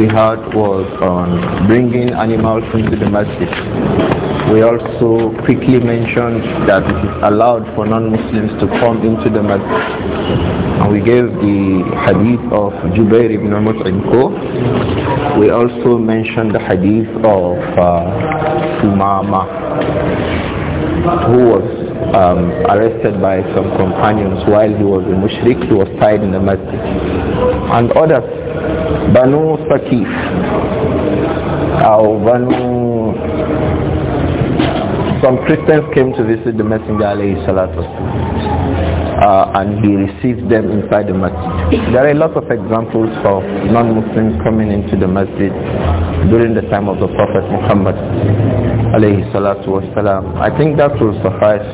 we had was on bringing animals into the masjid. We also quickly mentioned that it is allowed for non-Muslims to come into the masjid. And we gave the hadith of Jubair ibn Mut'im We also mentioned the hadith of uh, who was um, arrested by some companions while he was a mushrik. He was tied in the masjid. And others Banu Sakif or Banu some Christians came to visit the Messenger alayhi salatu uh, and he received them inside the masjid. There are a lot of examples of non-Muslims coming into the masjid during the time of the Prophet Muhammad alayhi salatu wasalam. I think that will suffice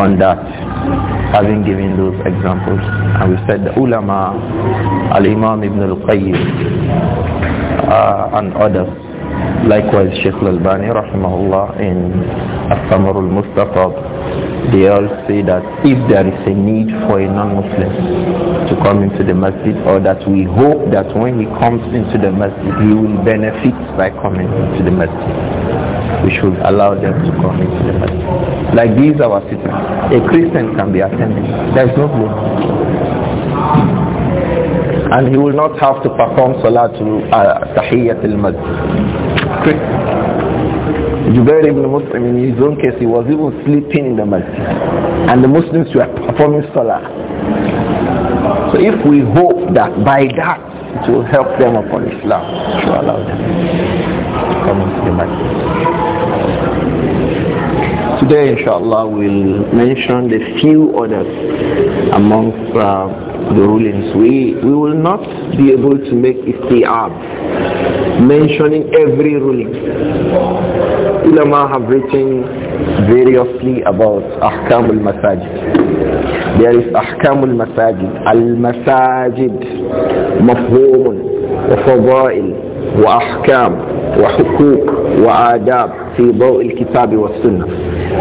on that having given those examples. And we said the ulama, Al-Imam Ibn Al-Qayyim, uh, and others. Likewise, Sheikh Al-Bani, rahimahullah, in Al-Samar Al-Mustaqab, they all say that if there is a need for a non-Muslim to come into the masjid, or that we hope that when he comes into the masjid, he will benefit by coming into the masjid we should allow them to come into the masjid. Like these our sisters. A Christian can be attending. There is no problem, And he will not have to perform salah to uh, al-Masjid. Jubair ibn Muslim, in his own case, he was even sleeping in the masjid. And the Muslims were performing salah. So if we hope that by that it will help them upon Islam, to allow them coming to the market. Today, inshallah, we'll mention the few others amongst uh, the rulings. We, we will not be able to make istiab, mentioning every ruling ulama have written variously about ahkam al-masajid. There is ahkam al-masajid, al-masajid, mafhum, fadail, وأحكام وحقوق وآداب في ضوء الكتاب والسنة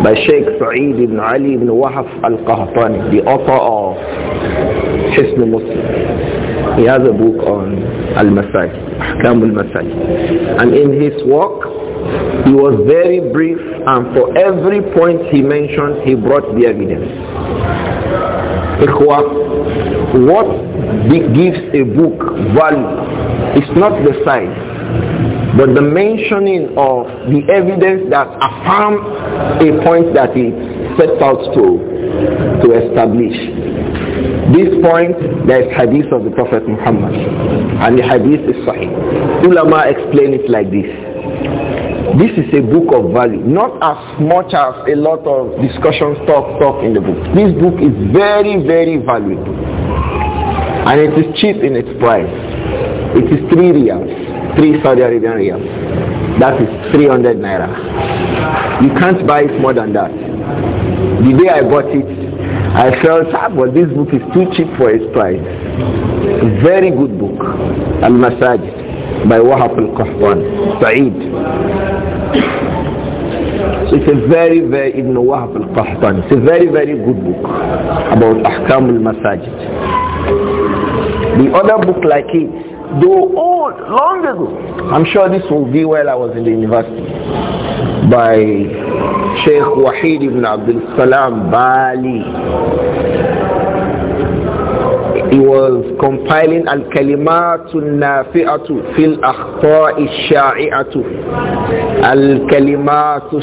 by Sheikh Sa'id ibn Ali ibn Wahaf al-Qahtani the author of Hisn Muslim he has a book on al-Masai Ahkam al-Masai and in his work he was very brief and for every point he mentioned he brought the evidence what gives a book value it's not the sign, but the mentioning of the evidence that affirms a point that it sets out to, to establish. This point, there is hadith of the Prophet Muhammad, and the hadith is sahih. Ulama explain it like this. This is a book of value, not as much as a lot of discussion talk talk in the book. This book is very, very valuable. And it is cheap in its price. It is three riyals, three Saudi Arabian riyals. That is 300 naira. You can't buy it more than that. The day I bought it, I felt, ah, well this book is too cheap for its price. Very good book, Al-Masajid by Wahab al-Qahwan, Sa'id. it's a very, very, Ibn Wahab al-Qahtan, it's a very, very good book about Ahkam al-Masajid. The other book like it though old, long ago. I'm sure this will be while I was in the university by Sheikh Wahid ibn Abdul Salam Bali he was compiling al-kalimatu nafi'atu fil akhta'i sha'i'atu al-kalimatu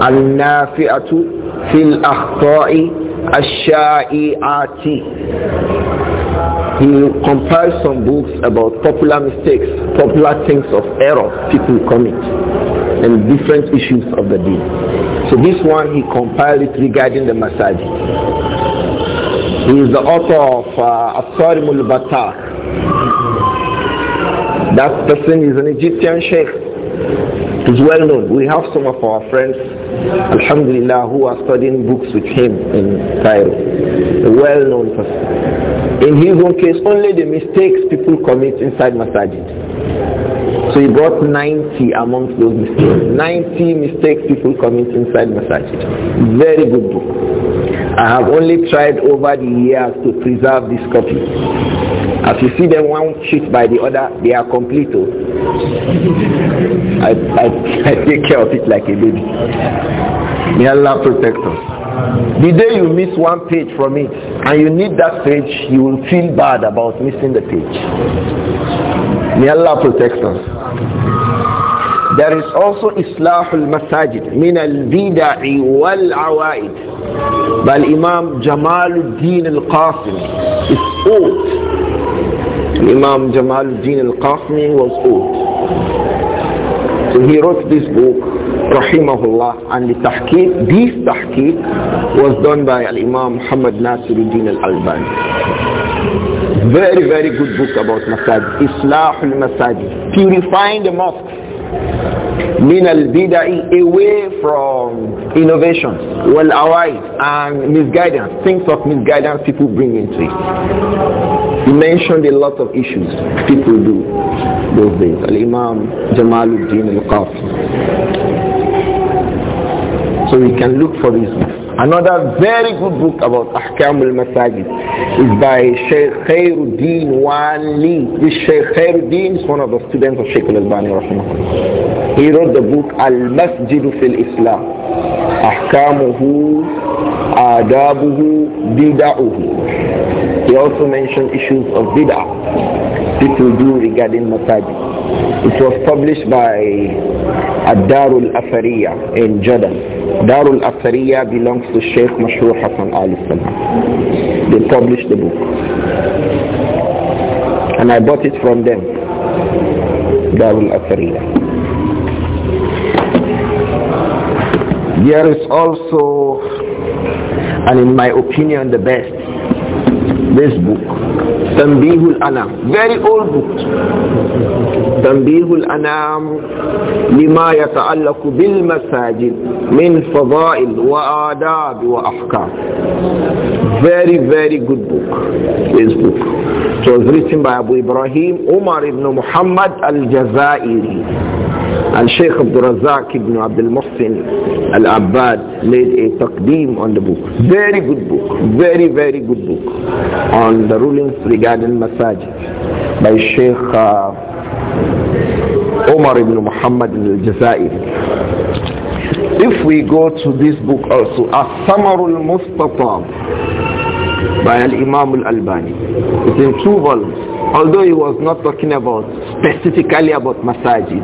al-nafi'atu fil akhta'i ash-sha'i'ati he compiled some books about popular mistakes, popular things of error people commit, and different issues of the day. So this one, he compiled it regarding the massage. He is the author of uh, Asarimul Batar. That person is an Egyptian sheikh is well known. We have some of our friends, Alhamdulillah, who are studying books with him in Cairo. A well-known person. In his own case, only the mistakes people commit inside masajid. So he brought 90 amongst those mistakes. 90 mistakes people commit inside masajid. Very good book. I have only tried over the years to preserve this copy. As you see them one sheet by the other, they are complete. Oh. I, I, I take care of it like a baby. May Allah protect us. The day you miss one page from it and you need that page, you will feel bad about missing the page. May Allah protect us. There is also Islah al-Masajid min al-bida'i wal-awaid. By Imam Jamaluddin al-Qasimi is old. Imam Jamaluddin al-Qasimi was old. So he wrote this book rahimahullah and the tahqiq, this tahqiq was done by Imam Muhammad Nasiruddin Al-Albani. Very, very good book about masajid. Islah al-masajid. Purifying the mosque min al-bida'i away from innovations wal awai and misguidance things of misguidance people bring into it he mentioned a lot of issues people do those days al-imam jamaluddin al-qafi so we can look for these Another very good book about Ahkam al-Masajid is by Sheikh Khairuddin Wali. This Sheikh Khairuddin is one of the students of Sheikh al-Albani He wrote the book Al-Masjid fil Islam. Ahkamuhu, Adabuhu, Bida'uhu. He also mentioned issues of Bid'ah. People do regarding Masajid. It was published by Ad-Darul Athariya in Jordan. Darul Athariya belongs to Sheikh Mashur Hassan Al Salman. They published the book. And I bought it from them. Darul Athariya. There is also, and in my opinion, the best This book, Tanbihul Anam, very old book. Tanbihul Anam لما يتعلق بالمساجد من فضائل وآداب وأحكام. Very, very good book, this book. It was written by Abu Ibrahim Umar ibn Muhammad al-Jazairi. And Sheikh Abdul Razak ibn Abdul Muhsin al-Abbad made a taqdeem on the book. Very good book. Very, very good book on the rulings regarding masajid by Sheikh uh, Omar ibn Muhammad al-Jazairi. If we go to this book also, As-Samarul Mustatab by al Imam al-Albani. It's in two volumes. Although he was not talking about specifically about masajid.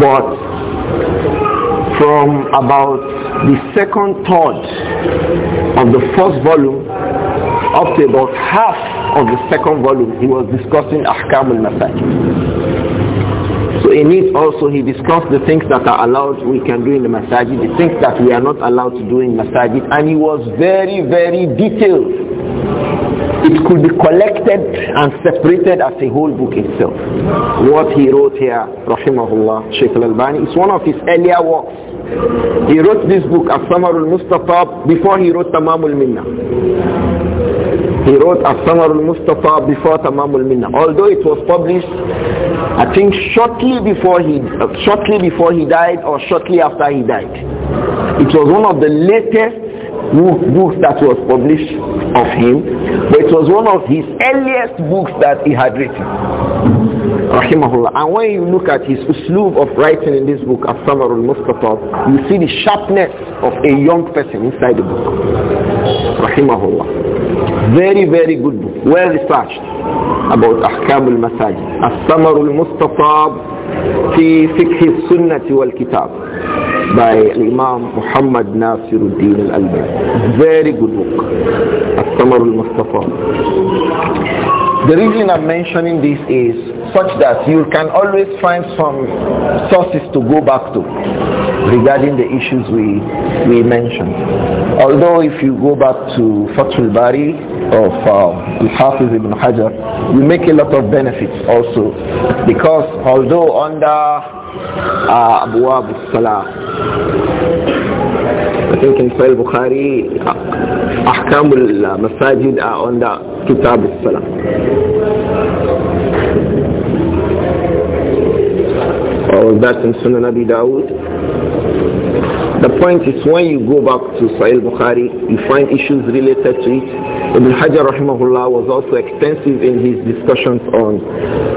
But from about the second third of the first volume up to about half of the second volume, he was discussing Ahkam al-Masajid. So in it also he discussed the things that are allowed we can do in the masajid, the things that we are not allowed to do in masajid, and he was very, very detailed it could be collected and separated as a whole book itself. What he wrote here, Rahimahullah, Sheikh al-Albani, is one of his earlier works. He wrote this book, As-Samar al before he wrote Tamam al-Minna. He wrote As-Samar al-Mustafa before Tamam al-Minna. Although it was published, I think shortly before he uh, shortly before he died or shortly after he died. It was one of the latest book that was published of him, but it was one of his earliest books that he had written. Rahimahullah. And when you look at his slew of writing in this book, As-Samar you see the sharpness of a young person inside the book. Rahimahullah. Very, very good book. Well researched about Ahkamul masajid As-Samar al-Mustatab في فقه السنة by Imam Muhammad Nasiruddin al-Albani. Very good book, Al-Samar al-Mustafa. The reason I'm mentioning this is such that you can always find some sources to go back to regarding the issues we, we mentioned. Although if you go back to Fatul Bari of uh, Al-Hafiz ibn Hajar, you make a lot of benefits also because although under أبواب الصلاة لكن في البخاري أحكام المساجد عند كتاب الصلاة وذات سنة نبي داود The point is when you go back to Sahih Bukhari, you find issues related to it. Ibn Hajar rahimahullah was also extensive in his discussions on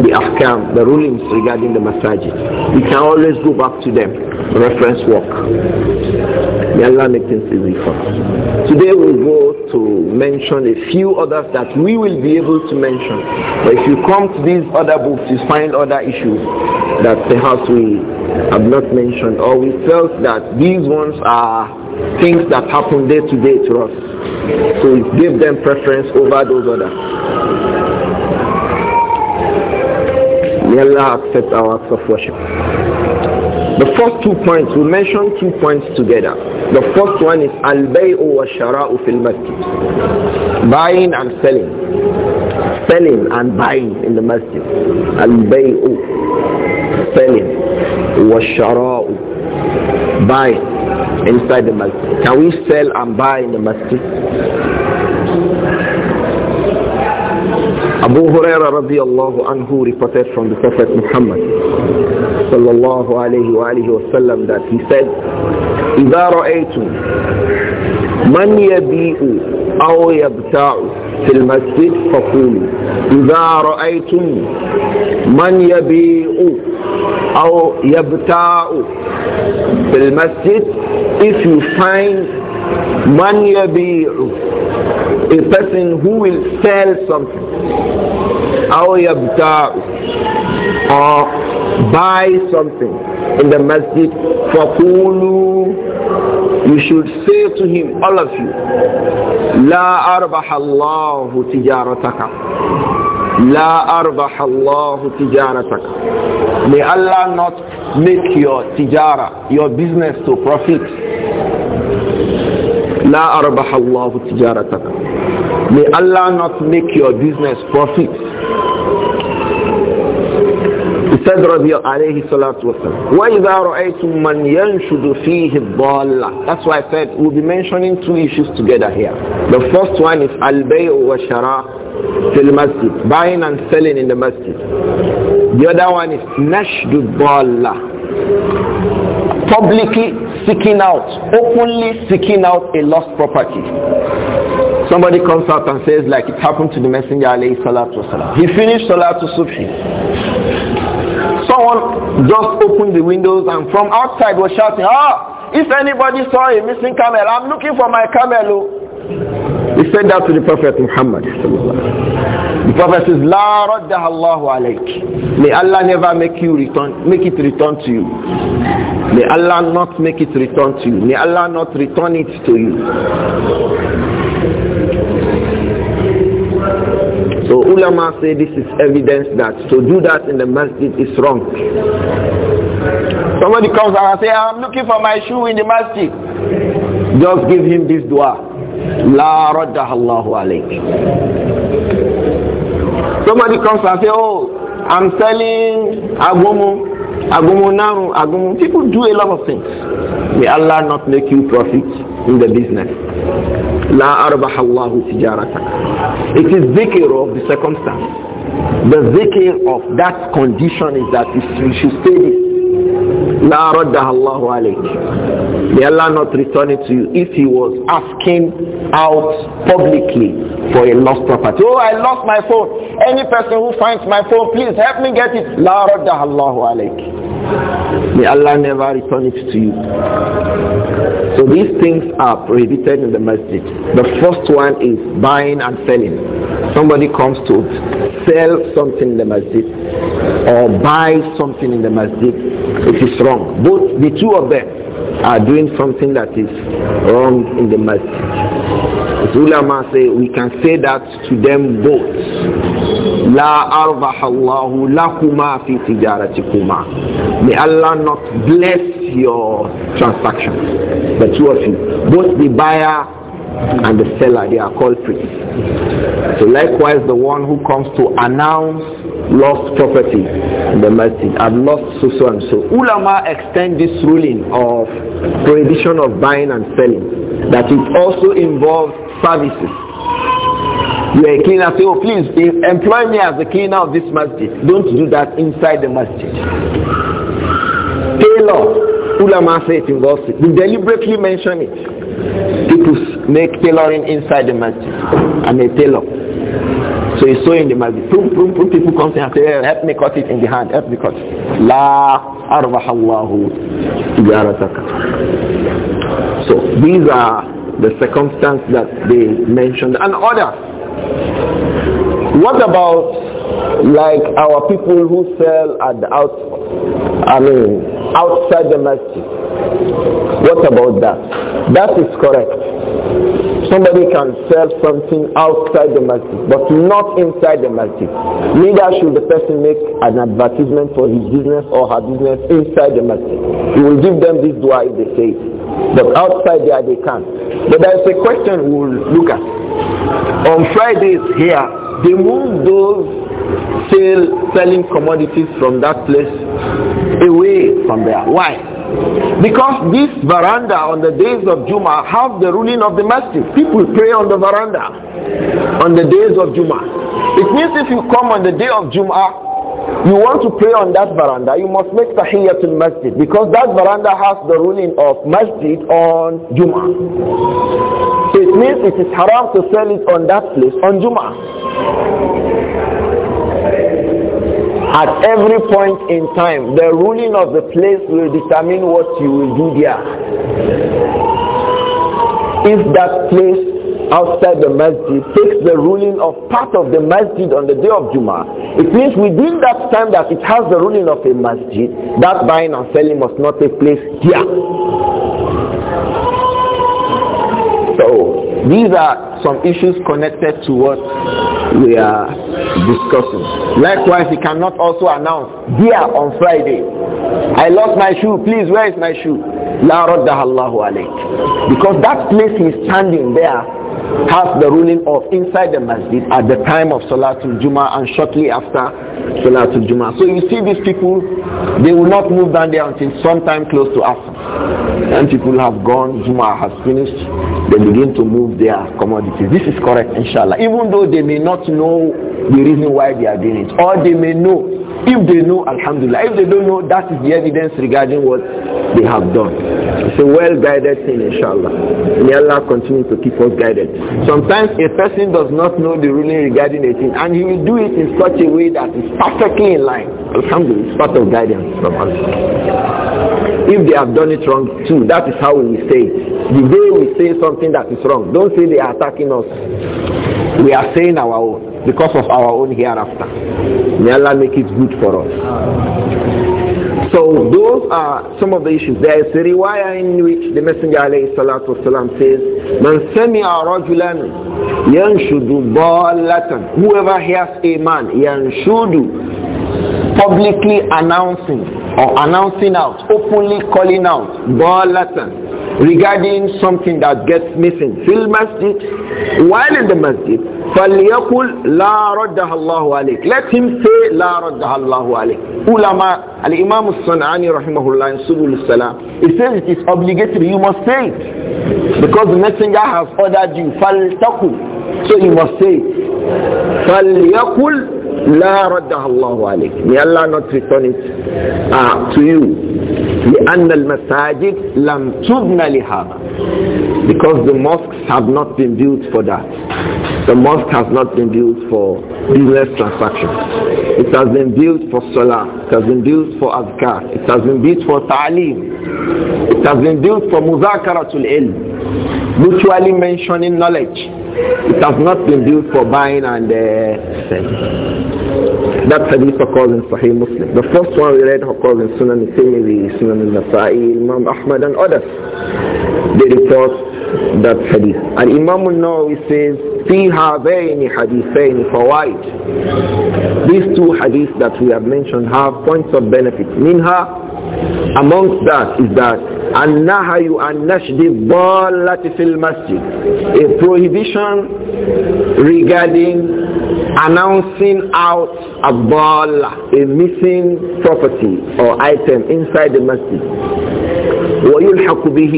the ahkam, the rulings regarding the masajid. You can always go back to them, reference work. May Allah make things easy for us. Today we'll go to mention a few others that we will be able to mention. But if you come to these other books, you find other issues that perhaps we have not mentioned or we felt that these ones are things that happen day to day to us. So we give them preference over those others. May Allah accept our acts of worship. The first two points, we mentioned two points together. The first one is al-bay'u wa shara'u fil masjid. Buying and selling. Selling and buying in the masjid. Al-bay'u. Selling. Wa shara'u. Buying inside the masjid. Can we sell and buy in the masjid? Abu Huraira radiallahu anhu reported from the Prophet Muhammad sallallahu alayhi wa alayhi wa sallam that he said, إِذَا رَأَيْتُمْ مَنْ يَبِيءُ أو يَبْتَعُ في المسجد فَقُولُ إذا رأيتم من يبيع أو يَبْتَعُ في المسجد if you find من يبيع a person who will sell something أو or uh, buy something in the masjid فقولوا you should say to him all of you لا أربح الله تجارتك لا أربح الله تجارتك may Allah not make your tijara your business to profit La arabaha Allah tijarataka. May Allah not make your business profit. He said, رضي عليه الصلاة والسلام, وَإِذَا رَأَيْتُمْ مَنْ يَنْشُدُ فِيهِ الضَّالَّةِ That's why I said we'll be mentioning two issues together here. The first one is al-bay' wa-shara' fil masjid, buying and selling in the masjid. The other one is nashdu publicly seeking out, openly seeking out a lost property somebody comes out and says like it happened to the messenger alayhi salatu wasalam. He finished salatu subhi someone just opened the windows and from outside was shouting, ah, if anybody saw a missing camel, I'm looking for my camel. Oh. He said that to the Prophet Muhammad. The Prophet says, La raddaha Allahu alayk. May Allah never make you return, make it return to you. May Allah not make it return to you. May Allah not return it to you. So ulama say this is evidence that to do that in the masjid is wrong. Somebody comes and say, I'm looking for my shoe in the masjid. Just give him this dua. La raddaha Allahu alayk. Somebody comes and say, oh, I'm selling woman Agumunaru, agumun. People do a lot of things. May Allah not make you profit in the business. La arbaha Allahu tijarata. It is dhikr of the circumstance. The dhikr of that condition is that you should stay La raddaha Allahu alayk. May Allah not return it to you if he was asking out publicly for a lost property. Oh, I lost my phone. Any person who finds my phone, please help me get it. La raddaha Allahu alayk. May Allah never return it to you. So these things are prohibited in the masjid. The first one is buying and selling. Somebody comes to sell something in the masjid or buy something in the masjid. It is wrong. Both the two of them are doing something that is wrong in the masjid. As ulama say, we can say that to them both. La arbahallahu lakuma fi tijaratikuma. May Allah not bless your transaction. The two of you, both the buyer and the seller, they are culprits. So likewise, the one who comes to announce lost property in the masjid, I've lost so so and so. Ulama extend this ruling of prohibition of buying and selling, that it also involves services. You're a cleaner, say, oh please, employ me as a cleaner of this masjid. Don't do that inside the masjid. Taylor, ulama say it in gossip. We deliberately mention it. People make tailoring inside the masjid. I'm a tailor. So he's in the masjid. Boom, boom, boom! people come and say, hey, help me cut it in the hand, help me cut it. La arbahallahu tijarataka. So these are the circumstances that they mentioned and others what about like our people who sell at the out, I mean, outside the masjid? What about that? That is correct. Somebody can sell something outside the masjid, but not inside the masjid. Neither should the person make an advertisement for his business or her business inside the masjid. He will give them this dua if they say it. But outside there they can. But there is a question we will look at. On Fridays here, they move those sale, selling commodities from that place away from there. Why? Because this veranda on the days of Juma have the ruling of the masjid. People pray on the veranda on the days of Juma. It means if you come on the day of Juma, you want to pray on that veranda, you must make tahiyyatul masjid because that veranda has the ruling of masjid on Juma. So it means it is haram to sell it on that place on Juma. At every point in time, the ruling of the place will determine what you will do there. If that place outside the masjid takes the ruling of part of the masjid on the day of Juma, it means within that time that it has the ruling of a masjid, that buying and selling must not take place here. So these are some issues connected to what we are discussing. Likewise, he cannot also announce, here on Friday, I lost my shoe, please, where is my shoe? La Allahu Because that place he's standing there has the ruling of inside the masjid at the time of Salatul Juma and shortly after Salatul Juma. So you see these people, they will not move down there until sometime close to Asr. And people have gone, Juma has finished, they begin to move their commodities. This is correct, inshallah. Even though they may not know the reason why they are doing it, or they may know. If they know, alhamdulillah. If they don't know, that is the evidence regarding what they have done. It's a well-guided thing, inshallah. May Allah continue to keep us guided. Sometimes a person does not know the ruling regarding a thing and he will do it in such a way that is perfectly in line. Alhamdulillah, it's part of guidance from Allah. If they have done it wrong too, that is how we say it. The day we say something that is wrong, don't say they are attacking us. We are saying our own because of our own hereafter. May Allah make it good for us. So those are some of the issues. There is a riwayah in which the Messenger alayhi salatu wasalam says, Man sami'a rajulan yanshudu latan. Whoever hears a man, yanshudu, publicly announcing or announcing out, openly calling out, latan." regarding something that gets missing fil masjid while in the masjid فَلْيَقُلْ لَا رَدَّهَ اللَّهُ عَلَيْكَ Let him say لَا رَدَّهَ اللَّهُ عَلَيْكَ Ulama, Al-Imam Al-San'ani rahimahullah in Subul Salam, he says it is obligatory, you must say it. Because the messenger has ordered you, فَلْتَقُلْ So you must say it. فَلْيَقُلْ لا رده الله عليك may Allah not return it uh, to you لأن المساجد لم تبنى لهذا because the mosques have not been built for that the mosque has not been built for business transactions it has been built for salah it has been built for azkar it has been built for ta'lim it has been built for muzakaratul ilm mutually mentioning knowledge it has not been built for buying and uh, selling. That hadith occurs in Sahih Muslim. The first one we read occurs in Sunan Tirmidhi, Sunan al-Nasa'i, Imam Ahmad and others. They report that hadith. And Imam al-Nawawi says, hadith say حديثين فوائد These two hadiths that we have mentioned have points of benefit. Minha, amongst that is that النهي عن نشد الضالة في a prohibition regarding announcing out a a missing property or item inside the masjid وَيُلْحَقُ بِهِ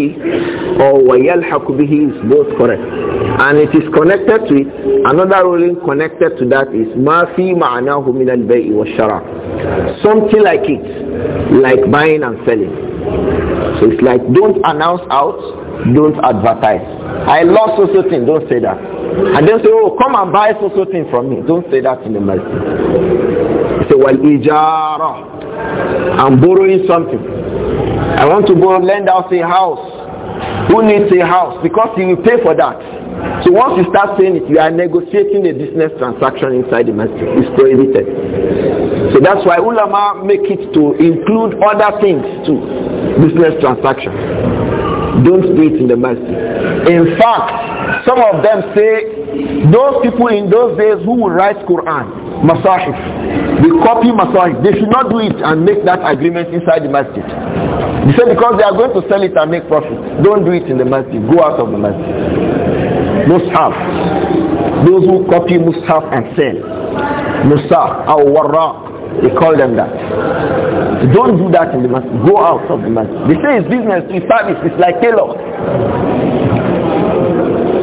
or وَيَلْحَقُ بِهِ is both correct. And it is connected to it. Another ruling connected to that is مَا فِي مَعْنَاهُ مِنَ الْبَيْءِ وَالشَّرَعِ Something like it, like buying and selling. So it's like don't announce out, don't advertise. I love social thing, don't say that. And then say, oh, come and buy social thing from me. Don't say that in the market Say, well, I'm borrowing something. I want to go lend out a house. Who needs a house? Because he will pay for that. So once you start saying it, you are negotiating a business transaction inside the masjid. It's prohibited. So that's why ulama make it to include other things too. Business transaction. Don't do it in the masjid. In fact, some of them say those people in those days who will write Quran, masahif, they copy masahif. They should not do it and make that agreement inside the masjid. They say because they are going to sell it and make profit. Don't do it in the masjid. Go out of the masjid. Mushaf. Those who copy mushaf and sell. Musa, our warraq they call them that. Don't do that in the masjid. Go out of the masjid. They say it's business, it's service, it's like tailor.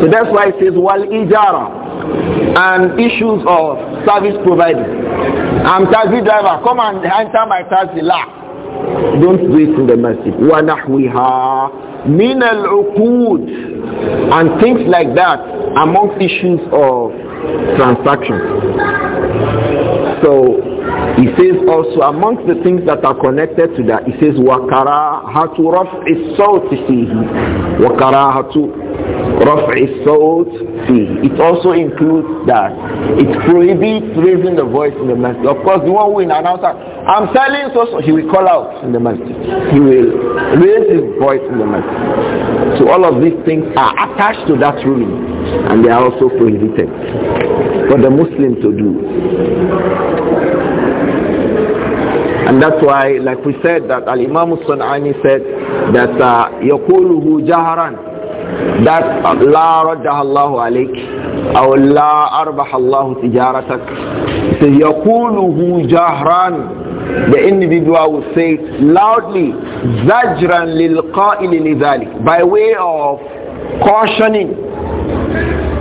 So that's why it says wal ijara and issues of service providing. I'm taxi driver, come and enter my taxi la. Don't do it in the masjid. وَنَحْوِهَا مِنَ الْعُقُودِ And things like that amongst issues of transactions. So he says also amongst the things that are connected to that, he says Wakara وَكَرَاهَةُ رَفْعِ الصَّوْتِ Wakara hatu رَفْعِ الصَّوْتِ فِيهِ It also includes that. It prohibits raising the voice in the masjid. Of course, the one who announces, I'm selling so, so, he will call out in the masjid. He will raise his voice in the masjid. So all of these things are attached to that ruling and they are also prohibited for the Muslim to do. And that's why, like we said, that Al-Imam al said that يَقُولُهُ uh, جَهْرًا That لَا رَدَّهَ اللَّهُ عَلَيْكِ أو لَا أَرْبَحَ اللَّهُ تِجَارَتَكِ يَقُولُهُ جَهْرًا The individual will say loudly زَجْرًا لِلْقَائِلِ لِذَلِكِ By way of cautioning.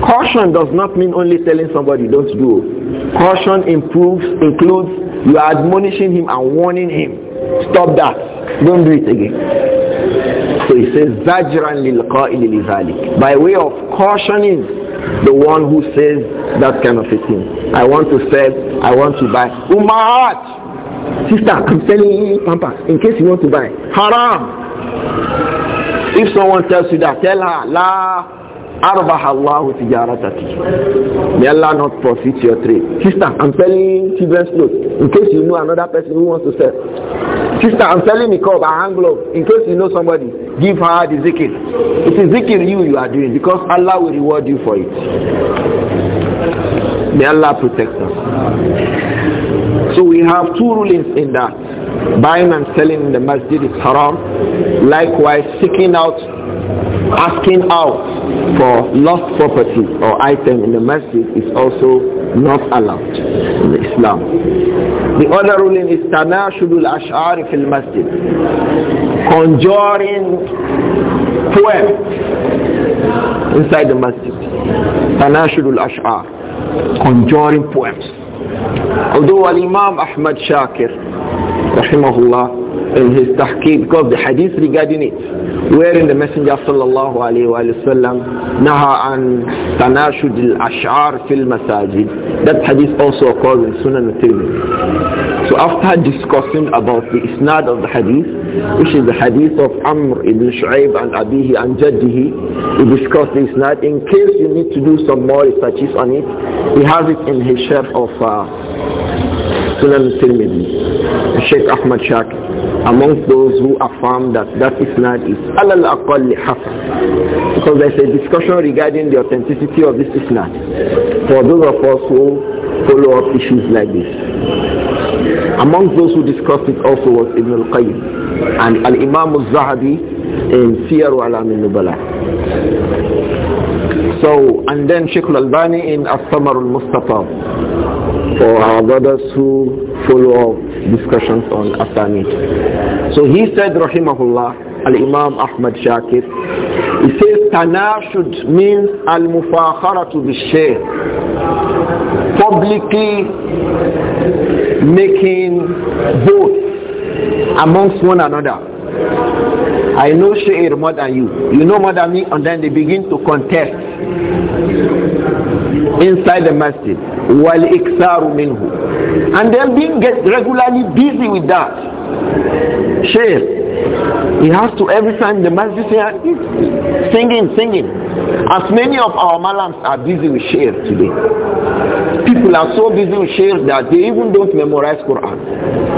Caution does not mean only telling somebody don't do Caution improves, includes you are admonishing him and warning him. Stop that. Don't do it again. So he says, Zajran lil By way of cautioning the one who says that kind of a thing. I want to sell, I want to buy. Umahat! Sister, I'm selling pampas in case you want to buy. Haram! If someone tells you that, tell her, La Arbahallahu tijarataki. May Allah not profit your trade. Sister, I'm selling children's clothes. In case you know another person who wants to sell. Sister, I'm selling a cup, a hand glove. In case you know somebody, give her the zikir. It is zikir you you are doing because Allah will reward you for it. May Allah protect us. So we have two rulings in that. Buying and selling in the masjid is haram. Likewise, seeking out asking out for lost property or item in the masjid is also not allowed in Islam. The other ruling is Tanashudul Ash'ari fil Masjid. Conjuring poems inside the masjid. Tanashudul Ash'ar. Conjuring poems. Although Al-Imam Ahmad Shakir, rahimahullah, in his tahqiq because the hadith regarding it wherein the messenger sallallahu alayhi wa sallam naha an tanashud al-ash'ar fil masajid that hadith also occurs in sunan al-tirmidhi so after discussing about the isnad of the hadith which is the hadith of Amr ibn Shu'aib and Abihi and Jaddihi we discussed the isnad in case you need to do some more researches on it he has it in his share of uh, Sunan al-Tirmidhi Sheikh Ahmad Shakir amongst those who affirm that that isnad is alal aqal hasan because there's a discussion regarding the authenticity of this isnad for those of us who follow up issues like this amongst those who discussed it also was Ibn al-Qayyim and al-Imam al-Zahabi in Siyar al-Alam al-Nubala so and then Sheikh al-Albani in al samar al-Mustafa for our brothers who follow discussions on Asanid. So he said, Rahimahullah, Al-Imam Ahmad Shakir, he says, Tanashud means al-mufakharatu be shared Publicly making both amongst one another. I know Shair more than you. You know more than me, and then they begin to contest inside the masjid wal iksaru minhu and they are being get regularly busy with that Shaykh, he has to every time the masjid here singing singing as many of our malams are busy with shaykh today people are so busy with shaykh that they even don't memorize quran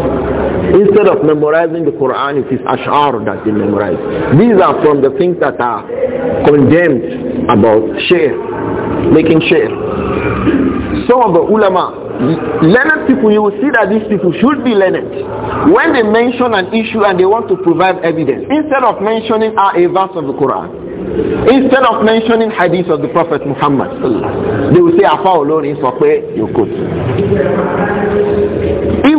Instead of memorizing the Quran, it is ash'ar that they memorize. These are from the things that are condemned about share, making share. Some of the ulama, learned people, you will see that these people should be learned. When they mention an issue and they want to provide evidence, instead of mentioning a verse of the Quran, instead of mentioning hadith of the prophet muhammad they will say afa olórin sọ pé you could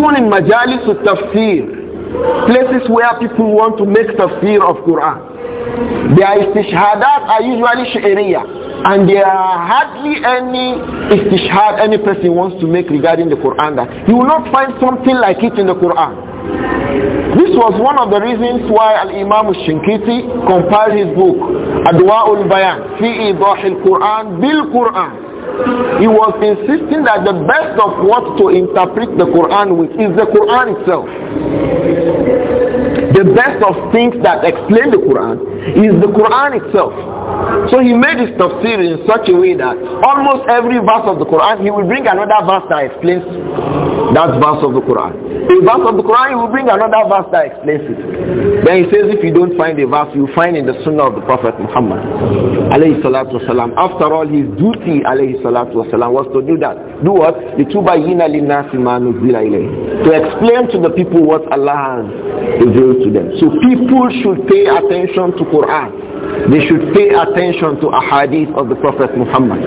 even in majalis of tafsir, places where people want to make tafsir of Quran, their istishhadat are usually sharia, and there are hardly any istishhad any person wants to make regarding the Quran that you will not find something like it in the Quran. This was one of the reasons why Al-Imam Shinkiti compiled his book, Adwa'ul Bayan, fi idah al-Quran bil-Quran. He was insisting that the best of what to interpret the Quran with is the Quran itself. The best of things that explain the Quran is the Quran itself. So he made his tafsir in such a way that almost every verse of the Quran, he will bring another verse that explains that verse of the Quran. The verse of the Quran, he will bring another verse that explains it. Then he says, if you don't find a verse, you find in the Sunnah of the Prophet Muhammad. والسلام. After all, his duty والسلام, was to do that. Do what? the To explain to the people what Allah has revealed to them. So people should pay attention to Quran. They should pay attention to a hadith of the Prophet Muhammad.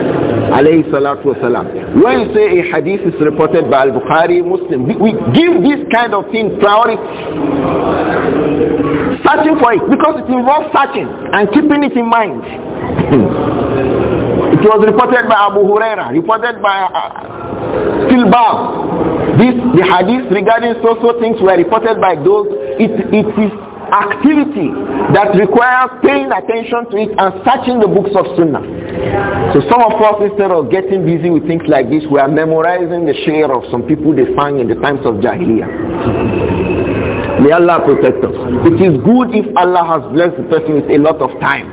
Alayhi salatu wasalam. When say a hadith is reported by Al-Bukhari, Muslim, we give this kind of thing priority. Searching for it because it involves searching and keeping it in mind. Hmm. it was reported by Abu Huraira, reported by uh, This, the hadith regarding social things were reported by those. It, it is activity that requires paying attention to it and searching the books of Sunnah. So some of us, instead of getting busy with things like this, we are memorizing the share of some people they find in the times of Jahiliyyah. May Allah protect us. It is good if Allah has blessed the person with a lot of time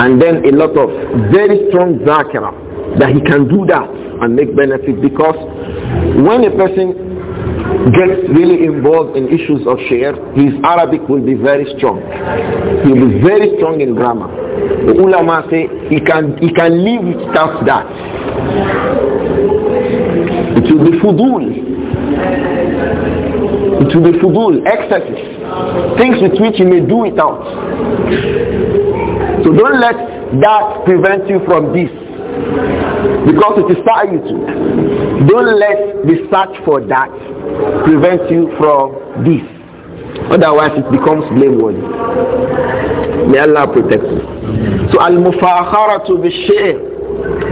and then a lot of very strong zakira that he can do that and make benefit because when a person gets really involved in issues of share, his Arabic will be very strong. He'll be very strong in grammar. The ulama say he can, he can live without that. It will be fudul. It will be fudul, excesses. Things with which you may do without. So don't let that prevent you from this. Because it is to. Don't let the search for that prevent you from this. Otherwise it becomes blameworthy. May Allah protect you. So al-mufakhara to be share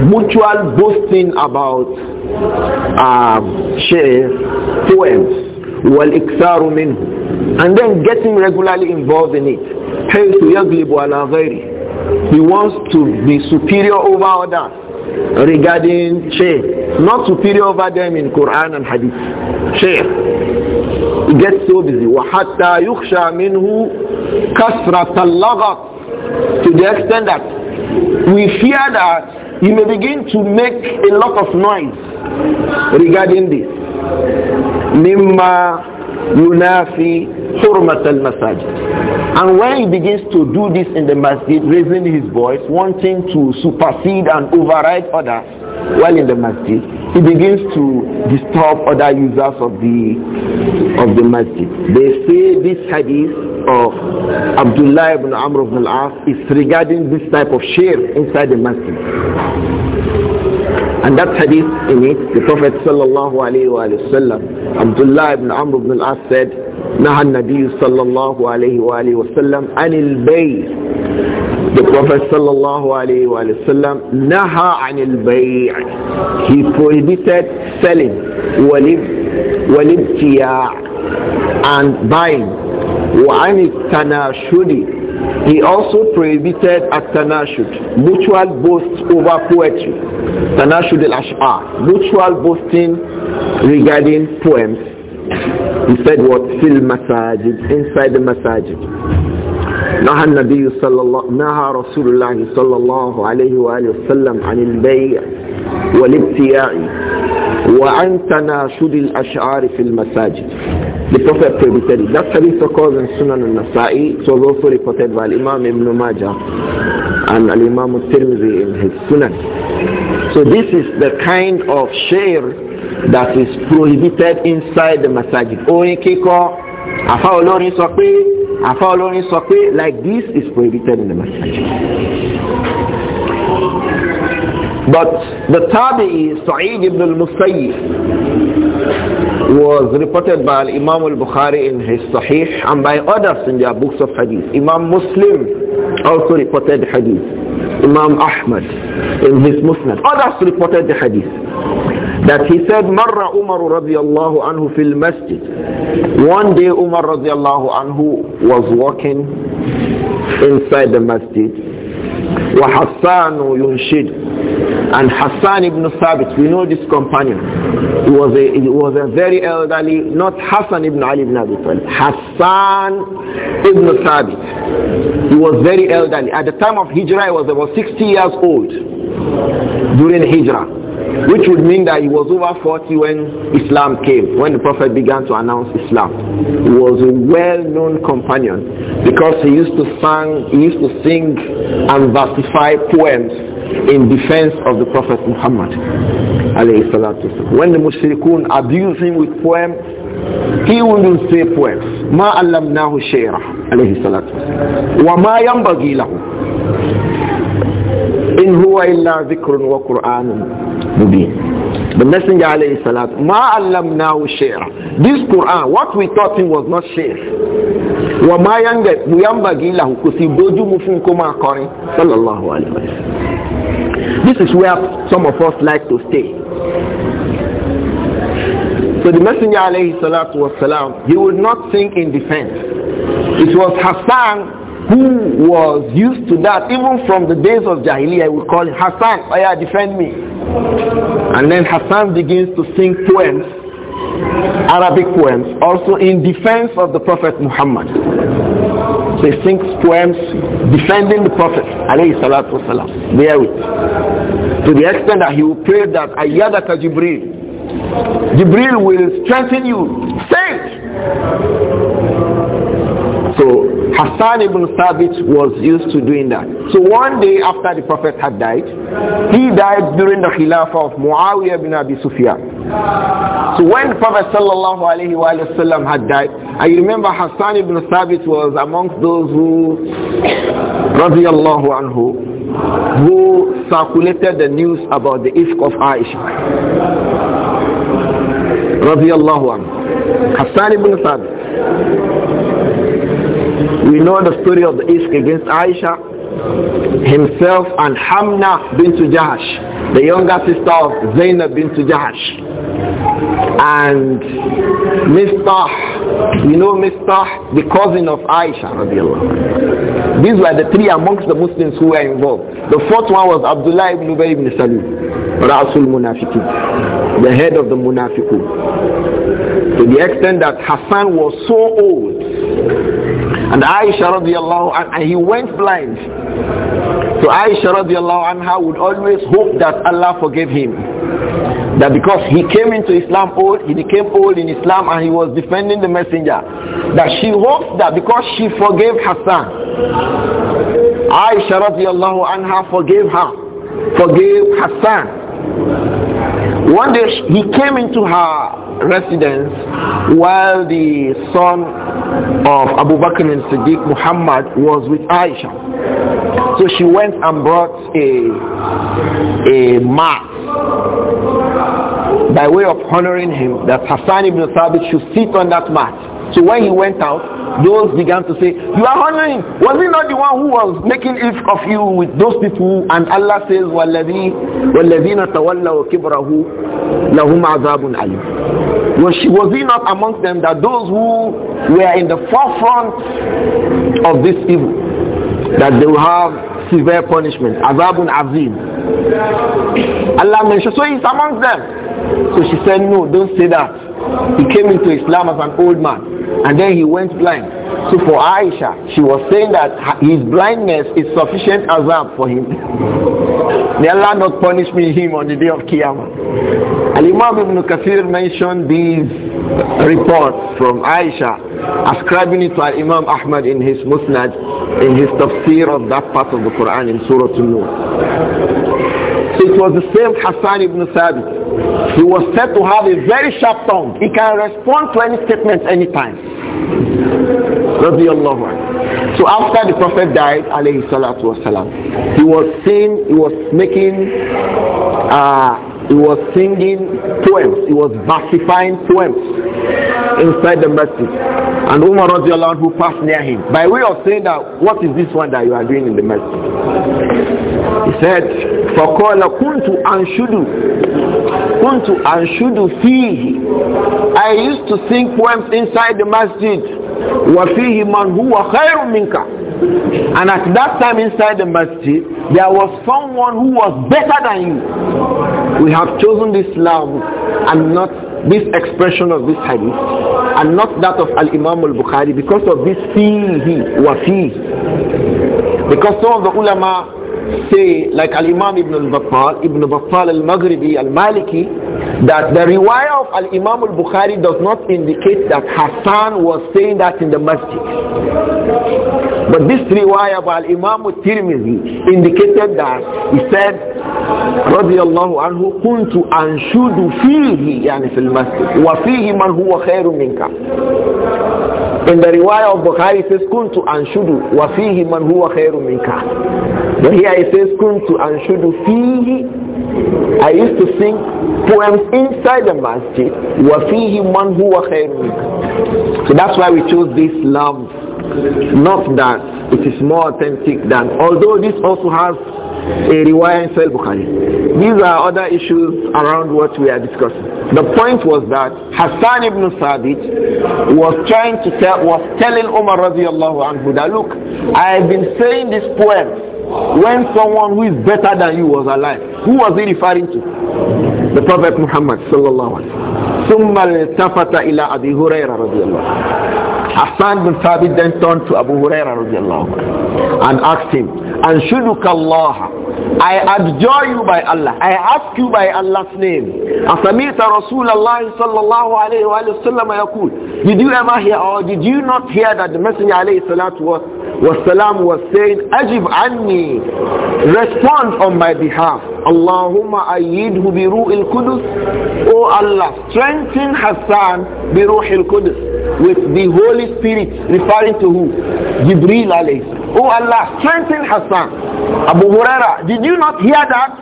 mutual boasting about um, share poems while منه and then getting regularly involved in it حيث يغلب على غيره he wants to be superior over others regarding Shaykh, Not superior over them in Quran and Hadith. Shaykh, He gets so busy. وَحَتَّى يُخْشَى مِنْهُ كَسْرَةَ اللَّغَطِ To the extent that we fear that he may begin to make a lot of noise regarding this. مِمَّا yunafi hurmat al-masajid. And when he begins to do this in the masjid, raising his voice, wanting to supersede and override others while in the masjid, he begins to disturb other users of the of the masjid. They say this hadith of Abdullah ibn Amr ibn al-As is regarding this type of share inside the masjid. And that hadith in it, the Prophet sallallahu alayhi wa sallam, Abdullah ibn Amr ibn al-As said, نهى النبي صلى الله عليه وآله وسلم عن البيع The Prophet صلى الله عليه وآله وسلم نهى عن البيع He prohibited selling والابتياع and buying وعن التناشد he also prohibited at-tanashud, mutual boast over poetry, tanashud al-ash'ar, mutual boasting regarding poems. He said what? Fill masajid, inside the masajid. نهى النبي صلى الله نهى رسول الله صلى الله عليه وآله وسلم عن البيع والابتياع وعن تناشد الأشعار في المساجد The Prophet prohibited it. That hadith occurs in Sunan al-Nasa'i. It was also reported by Imam Ibn Majah and Imam al-Tirmidhi in his Sunan. So this is the kind of share that is prohibited inside the masajid. Orin kíkọ́ àfa olórin sọ pé àfa olórin sọ pé like this is prohibited in the masjid. But the Tabi'i Sa'id ibn al-Musayyib was reported by Imam al-Bukhari in his Sahih and by others in their books of hadith. Imam Muslim also reported hadith. Imam Ahmad in his Musnad. Others reported the hadith that he said marra umar radiyallahu anhu fil masjid one day umar radiyallahu anhu was walking inside the masjid wa hassan yunshid and hassan ibn thabit we know this companion he was a he was a very elderly not hassan ibn ali ibn abi talib hassan ibn thabit he was very elderly at the time of hijrah he was about 60 years old during hijrah which would mean that he was over 40 when Islam came, when the Prophet began to announce Islam. He was a well-known companion because he used to sing, he used to sing and versify poems in defense of the Prophet Muhammad. When the Mushrikun abused him with poems, he wouldn't say poems. ما علمناه شعرا عليه الصلاة والسلام وما ينبغي له in huwa illa dhikrun wa qur'anun mubin the messenger alayhi salat ma allamnahu shi'ra this quran what we taught him was not shi'r wa ma yambaghi lahu kò sì bójú mu fún kó sallallahu alayhi wa sallam this is where some of us like to stay so the messenger alayhi salatu was salam he would not think in defense it was hassan who was used to that even from the days of Jahiliyyah would call him Hassan, oh yeah, defend me. And then Hassan begins to sing poems, Arabic poems, also in defense of the Prophet Muhammad. They he sings poems defending the Prophet, alayhi salatu wasalam, therewith. To the extent that he will pray that Ayyadaka Jibreel, Jibreel will strengthen you. Say it! So Hassan ibn Thabit was used to doing that. So one day after the Prophet had died, he died during the Khilafah of Muawiyah ibn Abi Sufyan. So when the Prophet sallallahu alayhi wa sallam had died, I remember Hassan ibn Thabit was amongst those who, radiallahu anhu, who circulated the news about the ifk of Aisha. Radiallahu anhu. Hassan ibn Thabit. We know the story of the Isk against Aisha, himself and Hamna bint Jahash, the younger sister of Zainab bint Jahash. And Mistah, you know Mistah, the cousin of Aisha. These were the three amongst the Muslims who were involved. The fourth one was Abdullah ibn Ubay ibn Salim Rasul Munafiqi, the head of the Munafiqun. To the extent that Hassan was so old and Aisha radiallahu anha, he went blind. So Aisha radiallahu anha would always hope that Allah forgave him. That because he came into Islam old, he became old in Islam and he was defending the messenger. That she hopes that because she forgave Hassan, Aisha radiallahu anha forgave her, forgave Hassan. One day he came into her residence while the son of Abu Bakr and Siddiq Muhammad was with Aisha. So she went and brought a, a mat by way of honoring him that Hassan ibn Thabit should sit on that mat. So when he went out, those began to say, you are honoring. Was he not the one who was making if of you with those people? And Allah says, وَالَّذِينَ تَوَلَّوْا كِبْرَهُ لَهُمْ عَذَابٌ عَلِيمٌ was, she, was he not amongst them that those who were in the forefront of this evil, that they will have severe punishment, azabun azim. Allah mentioned, so he's amongst them. So she said, no, don't say that. He came into Islam as an old man and then he went blind. So for Aisha, she was saying that his blindness is sufficient azab for him. May Allah not punish me him on the day of Qiyamah. Al-Imam Ibn Kathir mentioned these reports from Aisha, ascribing it to Imam Ahmad in his Musnad, in his tafsir of that part of the Quran in Surah An-Nur. It was the same Hassan ibn Thabit. He was said to have a very sharp tongue. He can respond to any statement anytime. So after the Prophet died, alayhi salatu wasalam, he was seen, he was making uh, he was singing poems. He was versifying poems inside the masjid. And Umar radiallahu who passed near him. By way of saying that, what is this one that you are doing in the masjid? He said, فَقَالَ كُنْتُ أَنْشُدُ كُنْتُ أَنْشُدُ فِيهِ I used to sing poems inside the masjid. وَفِيهِ مَنْ هُوَ خَيْرٌ مِنْكَ And at that time inside the masjid, there was someone who was better than you. We have chosen this love and not this expression of this hadith and not that of Al-Imam al-Bukhari because of this he was fee. Because some of the ulama say, like Al-Imam Ibn al-Battal, Ibn Battal al-Maghribi, al-Maliki, that the riwayah of Al-Imam al-Bukhari does not indicate that Hassan was saying that in the masjid. But this riwayah of Al-Imam al-Tirmidhi indicated that he said, رضي الله عنه كنت أنشد فيه يعني في المسجد وفيه من هو خير منك in the riwayah of Bukhari it says kuntu anshudu wa fihi man huwa khairu minka but here it says kuntu anshudu fihi I used to sing poem inside the masjid, وَفِيهِ مَنْ هُوَ خَيْرٌ So that's why we chose this love. Not that it is more authentic than, although this also has a riwayah in Sahih Bukhari. These are other issues around what we are discussing. The point was that Hassan ibn Sadiq was trying to tell, was telling Umar radiallahu anhu that look, I have been saying this poem when someone who is better than you was alive. Who was he referring to? the Prophet Muhammad sallallahu alaihi wasallam. ثم التفت إلى أبي هريرة رضي الله عنه. Hassan bin Thabit then turned to Abu Huraira رضي الله عنه and asked him, أنشدك الله I adjure you by Allah. I ask you by Allah's name. أسمعت رسول الله صلى الله عليه وآله وسلم يقول Did you ever hear or did you not hear that the Messenger عليه الصلاة والسلام wasalam was saying, Ajib anni, respond on my behalf. Allahumma ayyidhu bi il kudus. O Allah, strengthen Hassan bi ru'il kudus. With the Holy Spirit, referring to who? Jibreel alayhi. O Allah, strengthen Hassan. Abu Huraira, did you not hear that?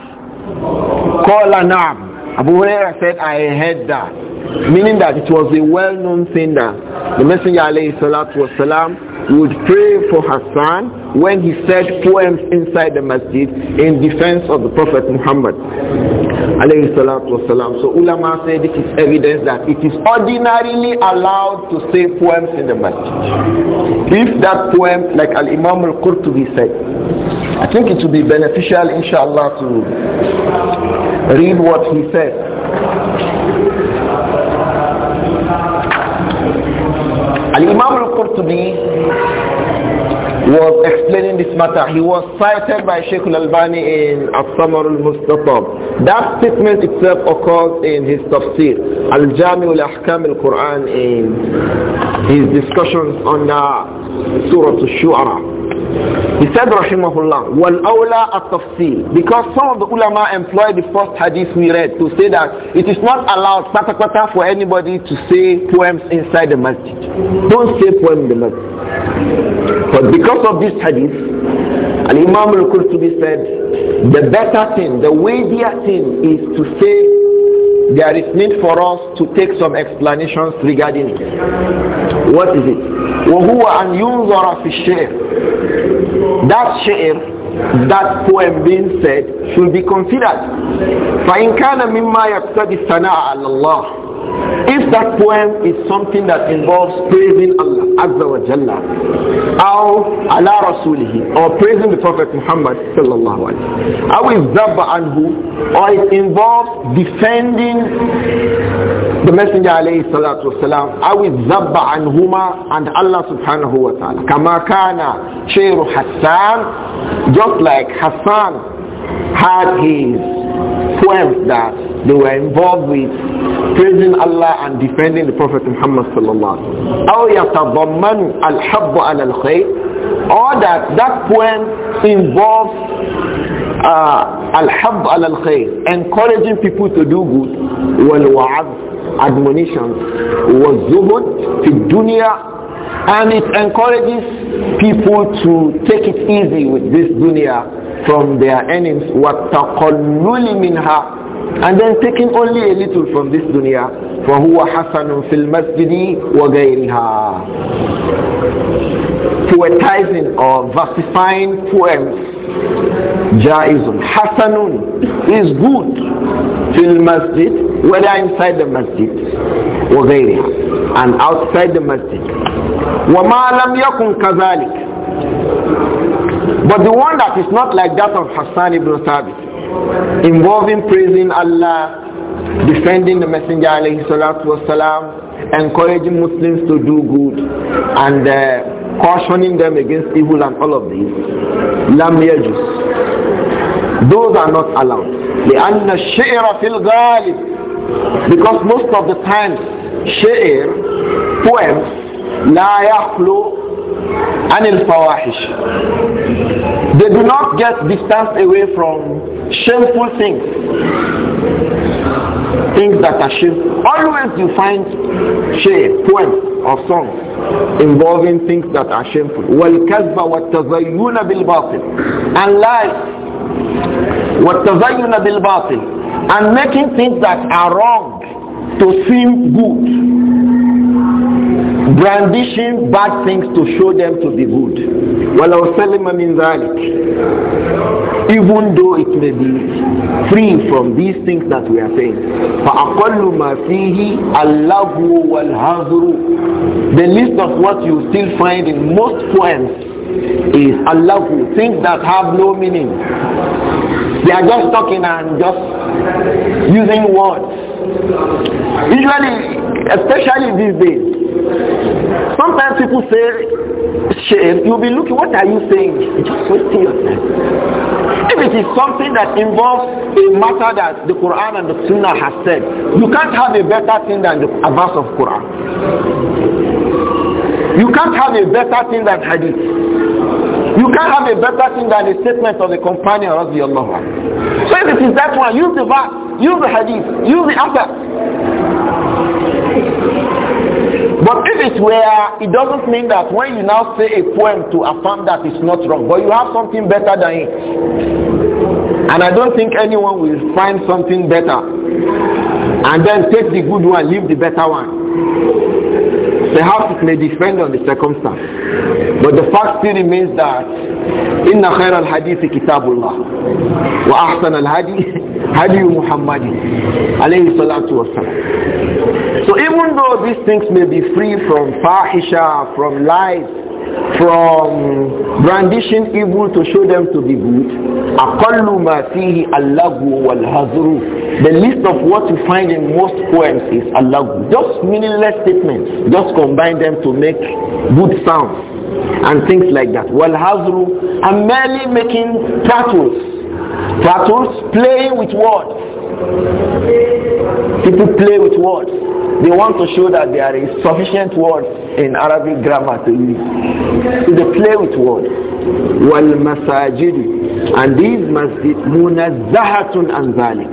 Call na'am. Abu Huraira said, I heard that. Meaning that it was a well-known thing that the Messenger alayhi salatu wasalam would pray for Hassan when he said poems inside the masjid in defense of the Prophet Muhammad alayhi salatu wasalam. So ulama say this is evidence that it is ordinarily allowed to say poems in the masjid. If that poem, like Al-Imam al-Qurtubi said, I think it would be beneficial inshallah to read what he said. Al-Imam al-Qurtubi was explaining this matter. He was cited by Sheikh al-Albani in As-Samar al-Mustatab. That statement itself occurs in his tafsir, Al-Jami al-Ahkam al-Quran in his discussions on the Surah al-Shu'ara. He said, Rahimahullah, wal awla at-tafsil. Because some of the ulama employed the first hadith we read to say that it is not allowed pata pata for anybody to say poems inside the masjid. Don't say poem in the masjid. But because of this hadith, an Imam al-Qurtubi said, the better thing, the weightier thing is to say there is need for us to take some explanations regarding it. What is it? وهو أن ينظر في الشعر. That شعر that poem being said should be considered. فإن كان مما يقتضي الثناء على الله if that poem is something that involves praising Allah Azza wa Jalla, or Allah Rasulihi, or praising the Prophet Muhammad sallallahu alaihi wasallam, or Zabba anhu, or it involves defending the Messenger alayhi salatu wasalam, or Zabba anhuma and Allah subhanahu wa ta'ala. Kama kana Shayru Hassan, just like Hassan had his that they were involved with praising Allah and defending the Prophet Muhammad sallallahu alaihi or that that poem involves al-habb uh, al-khayr, encouraging people to do good, wal-wa'ad, admonitions, wal-zuhud, fi dunya and it encourages people to take it easy with this dunya from their earnings وَالتَّقَلُّلِ مِنْهَا and then taking only a little from this dunya فَهُوَ حَسَنٌ فِي الْمَسْجِدِ وَغَيْرِهَا poetizing or versifying poems jaizun hasanun is good fil masjid whether inside the masjid وغيرها and outside the masjid وما لم يكن كذلك but the one that is not like that of Hassan ibn Thabit, involving praising Allah, defending the Messenger alayhi salatu wasalam, encouraging Muslims to do good, and uh, cautioning them against evil and all of these, lam yajus. Those are not allowed. لأن الشعر في الغالب because most of the time sheer, poems لا anil fawahish. They do not get distanced away from shameful things. Things that are shameful. Always you find shame, poems or songs involving things that are shameful. وَالْكَذْبَ وَالتَّزَيُّنَ بِالْبَاطِلِ And lies. وَالتَّزَيُّنَ بِالْبَاطِلِ And making things that are wrong to seem good brandishing bad things to show them to be good. وَلَوْ سَلِمَ مِنْ ذَلِكَ Even though it may be free from these things that we are saying. فَأَقَلُّ مَا فِيهِ اللَّهُ وَالْهَذْرُ The list of what you still find in most poems is Allahu. Things that have no meaning. They are just talking and just using words. Usually, especially these days, sometimes people say, shame, you'll be looking, what are you saying? It's just wasting your time. If it is something that involves a matter that the Quran and the Sunnah has said, you can't have a better thing than the verse of Quran. You can't have a better thing than hadith. You can't have a better thing than a statement of the companion of the Allah. So if it is that one, use the verse, use the hadith, use the answer. But if it's where it doesn't mean that when you now say a poem to affirm that it's not wrong, but you have something better than it. And I don't think anyone will find something better and then take the good one, leave the better one. Perhaps it may depend on the circumstance. But the fact still remains that إن خير الحديث كتاب الله وأحسن الهدي هدي محمد عليه الصلاة والسلام. So even though these things may be free from fahisha, from lies, from brandishing evil to show them to be good aqallu ma fihi allahu the list of what you find in most poems is allahu just meaningless statements just combine them to make good sounds and things like that wal i'm merely making prattles prattles playing with words people play with words they want to show that there is sufficient words in Arabic grammar to use. It's a play with words. Wal masajid. And these masjid munazzahatun an zalik.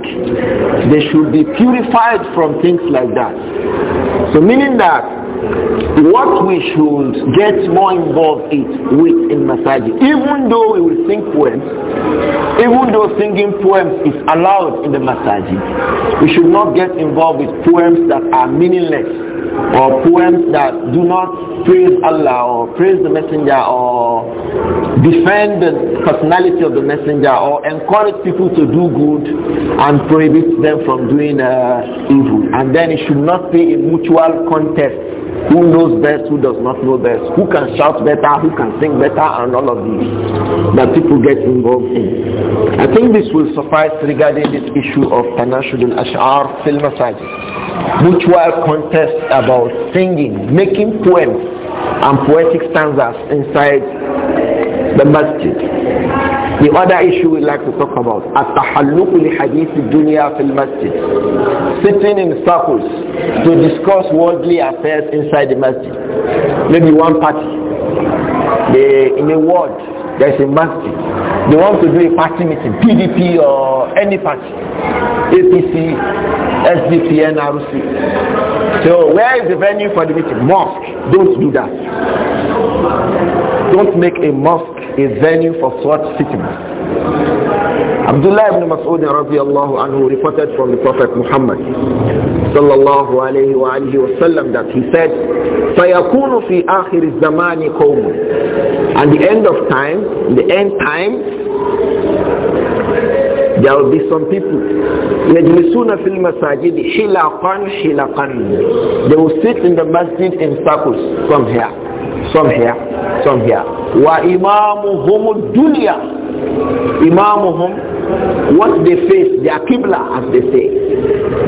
They should be purified from things like that. So meaning that what we should get more involved is with in masajid. Even though we will sing poems, even though singing poems is allowed in the masajid, we should not get involved with poems that are meaningless or poems that do not praise Allah or praise the messenger or defend the personality of the messenger or encourage people to do good and prohibit them from doing uh, evil. And then it should not be a mutual contest. Who knows best, who does not know best, who can shout better, who can sing better, and all of these that people get involved in. I think this will suffice regarding this issue of Tanashud al-Ash'ar fil Masajid. Mutual contest uh, about singing, making poems and poetic stanzas inside the masjid. The other issue we like to talk about, التحلق لحديث الدنيا film المسجد. Sitting in circles to discuss worldly affairs inside the masjid. Maybe one party, they, in a word, there is a masjid. They want to do a party meeting, PDP or any party, APC, SDP, NRC. So where is the venue for the meeting? Mosque. Don't do that. Don't make a mosque a venue for such sittings. Abdullah ibn Mas'ud radiallahu anhu reported from the Prophet Muhammad sallallahu alayhi wa alihi sallam that he said, فَيَكُونُ فِي آخِرِ الزَّمَانِ قَوْمٌ At the end of time, the end time, there will be some people يجلسون في المساجد حلقا حلقا they will sit in the masjid in circles from here some here, some here. وَإِمَامُهُمُ Imam Imamuhum, what they face, their Qibla as they say.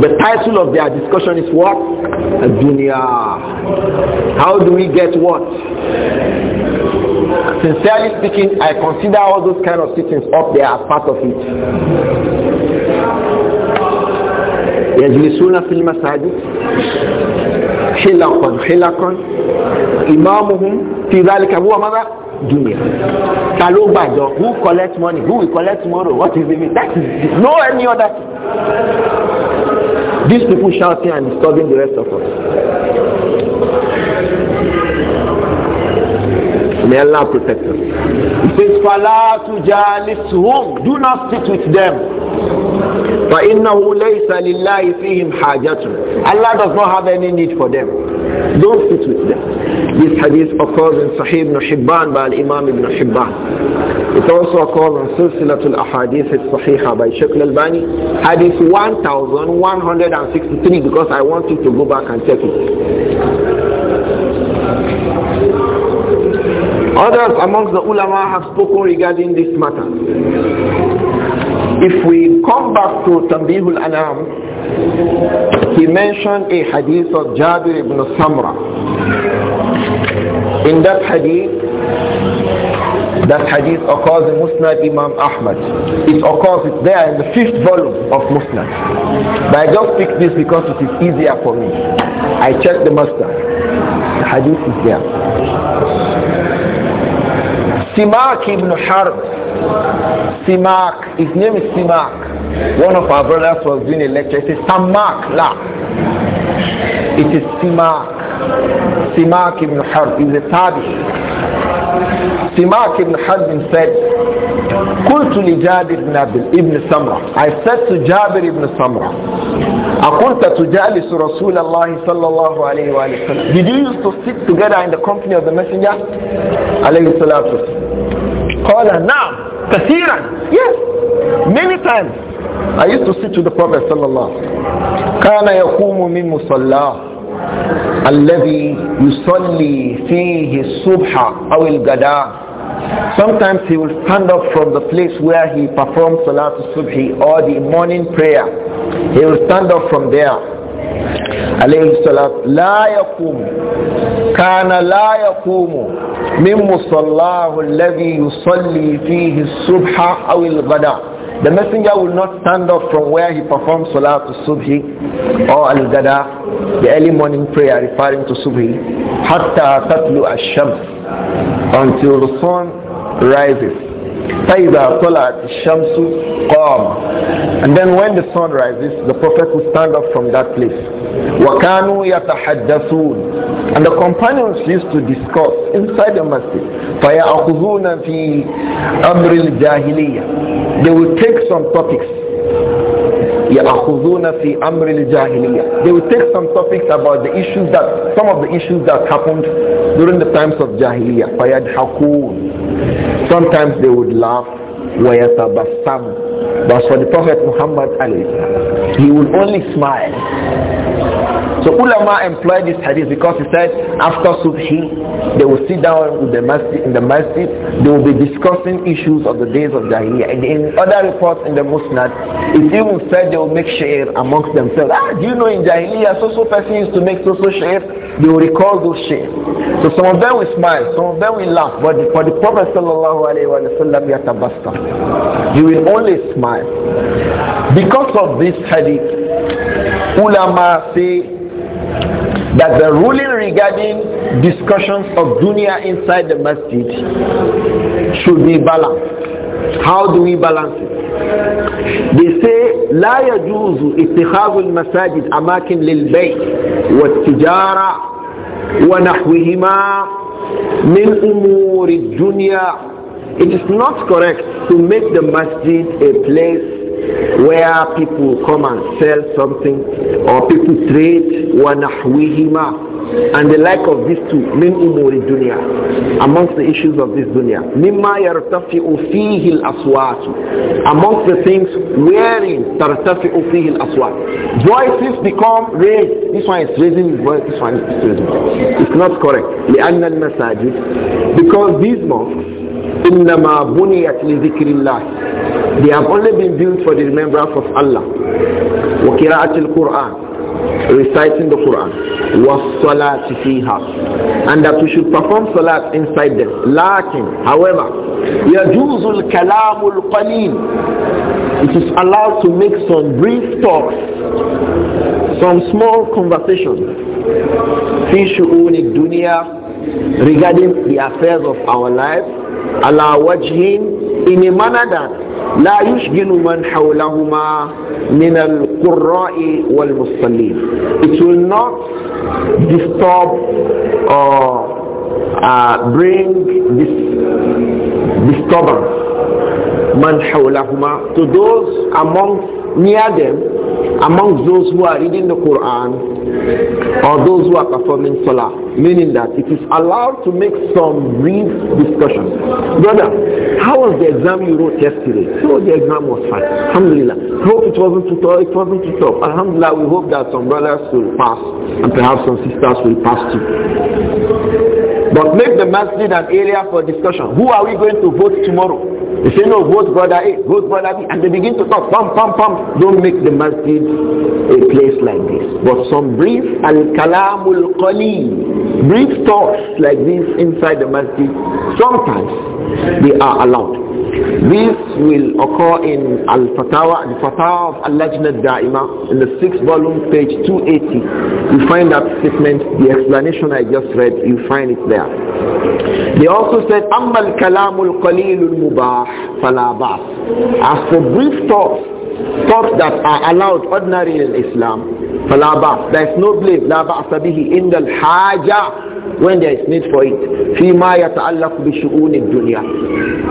The title of their discussion is what? Dunya. How do we get what? Sincerely speaking, I consider all those kind of things up there as part of it. يجلسون في المساجد حلقا حلقا إمامهم في ذلك هو ماذا؟ dunya. Ta ló gbàjọ? Who collects money? Who will collect tomorrow? What is it That is no any other These people shouting and disturbing the rest of us. May Allah protect us. He says, فَلَا تُجَالِسْهُمْ Do not sit with them. فَإِنَّهُ لَيْسَ لِلَّهِ فِيهِمْ حَاجَةٌ Allah does not have any need for them. Don't sit with them. This hadith occurs in Sahih ibn Hibban by Imam ibn Hibban. It also occurs in Silsilatul Ahadith al-Sahiha by Sheikh al-Bani, hadith 1163 because I want you to go back and check it. Others amongst the ulama have spoken regarding this matter. If we come back to Tambihul Anam, he mentioned a hadith of Jabir ibn Samra. In that hadith, that hadith occurs in Musnad Imam Ahmad. It occurs there in the fifth volume of Musnad. But I just pick this because it is easier for me. I check the master. The hadith is there. Simak ibn Harb Simak, his name is Simak. One of our brothers was doing a lecture. It is Samak, la. It is Simak. Simak ibn Harb is a Tabi. Simak ibn Harb said, قلت لجابر بن ابن سمرة I said to جابر بن سمرة أكنت تجالس رسول الله صلى الله عليه وآله وسلم Did you used to sit together in the company of the messenger عليه الصلاة والسلام قال نعم كثيرا yes many times I used to sit with the Prophet صلى الله عليه وسلم كان يقوم من مصلاه الذي يصلي فيه الصبح أو الغداء Sometimes he will stand up from the place where he performed Salatul Subhi or the morning prayer. He will stand up from there عليه السلام لا يقوم كان لا يقوم من مصلاه الذي يصلي فيه الصبح أو الغداء The messenger will not stand up from where he performs Salat Subhi or Al-Gada, the early morning prayer referring to Subhi, حتى تطلع الشمس until the sun rises. فإذا طلعت الشمس قام and then when the sun rises the prophet will stand up from that place وكانوا يتحدثون and the companions used to discuss inside the masjid فيأخذون في أمر jahiliyah. they will take some topics يأخذون في أمر jahiliyah. they will take some topics about the issues that some of the issues that happened during the times of جاهلية فيضحكون Sometimes they would laugh But for the Prophet Muhammad Ali, he would only smile. So ulama employed this hadith because he said after subhi they will sit down the masjid, in the masjid, they will be discussing issues of the days of Jahiliyyah. And in other reports in the Musnad, it even said they will make share amongst themselves. Ah, do you know in Jahiliyyah so so person used to make so so share? They will recall those share. So some of them will smile, some of them will laugh, but for the Prophet sallallahu alaihi wasallam yatabasta. He will only smile. Because of this hadith, ulama say that the ruling regarding discussions of dunya inside the masjid should be balanced. How do we balance it? They say لا يجوز اتخاذ المساجد أماكن للبيع والتجارة ونحوهما من أمور الدنيا It is not correct to make the masjid a place where people come and sell something or people trade wanahwihima and the like of these two min umuri dunya amongst the issues of this dunya mimma yartafi'u fihi al-aswat amongst the things wherein tartafi'u fihi al-aswat voices become raised this one is raising his voice this one is raising it's not correct لأن المساجد because these mosques إنما بنيت لذكر الله They have only been built for the remembrance of Allah. وقراءة القرآن reciting the Quran was salat fiha and that we should perform salat inside them lakin however يجوز الكلام القليل it is allowed to make some brief talks some small conversations في شؤون الدنيا regarding the affairs of our lives. على وجه إن a لا يشجن من حولهما من القراء والمصلين It will not disturb or uh, bring this disturbance من حولهما to those among near them among those who are reading the Quran or those who are performing salah Meaning that it is allowed to make some brief discussion. Brother, how was the exam you wrote yesterday? So the exam was fine. Alhamdulillah. Hope it wasn't too tough. It wasn't too tough. Alhamdulillah, we hope that some brothers will pass and perhaps some sisters will pass too. But make the masjid an area for discussion. Who are we going to vote tomorrow? They say, no, vote brother A, vote brother B. And they begin to talk, pam, pam, pam. Don't make the masjid a place like this. But some brief, al-kalamul qali, brief thoughts like this inside the masjid, sometimes they are allowed. This will occur in Al-Fatawa, the Fatawa of al ajnad Da'ima, in the sixth volume, page 280. You find that statement, the explanation I just read, you find it there. They also said, أَمَّا kalamul qalilul mubah فَلَا As for brief thoughts, thoughts that are allowed ordinarily in Islam, there is no blame. La ba'sa bihi in al haja when there is need for it. Fima yata'allaq bi shu'un dunya.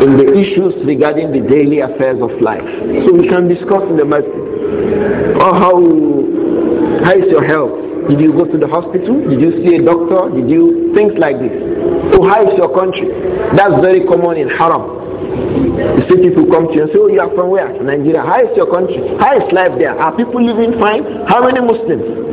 In the issues regarding the daily affairs of life. So we can discuss in the masjid. Oh, how, how is your health? Did you go to the hospital? Did you see a doctor? Did you... Things like this. So how is your country? That's very common in Haram. You see people come to you and say, oh, you are from where? Nigeria. How is your country? How is life there? Are people living fine? How many Muslims?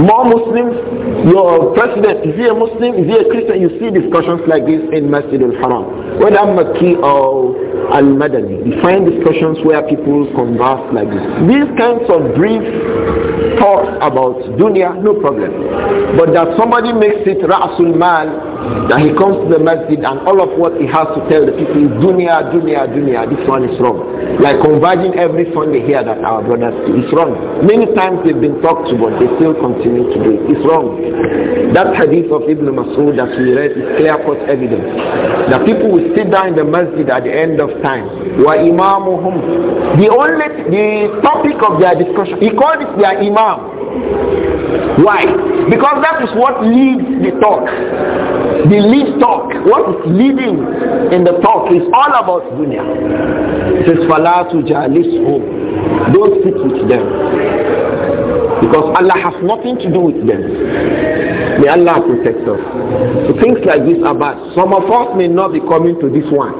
More Muslims, your president, is he a Muslim? Is he a Christian? You see discussions like this in Masjid al-Haram, whether Maki or al-Madani. You find discussions where people converse like this. These kinds of brief talks about dunya, no problem. But that somebody makes it Ra'asul Mal, that he comes to the Masjid and all of what he has to tell the people is dunya, dunya, dunya, this one is wrong. Like converging every Sunday here that our brothers do. It's wrong. Many times they've been talked to, but they still still continue to do it. It's wrong. That hadith of Ibn Masud that we read is clear-cut evidence. The people will sit down in the masjid at the end of time. Wa imamuhum. The only, the topic of their discussion, he called it their imam. Why? Because that is what leads the talk. The lead talk, what is leading in the talk is all about dunya. It says, فلا تُجَالِسْهُمْ Don't sit with them. Because Allah has nothing to do with them. May Allah protect us. So things like this are bad. Some of us may not be coming to this one.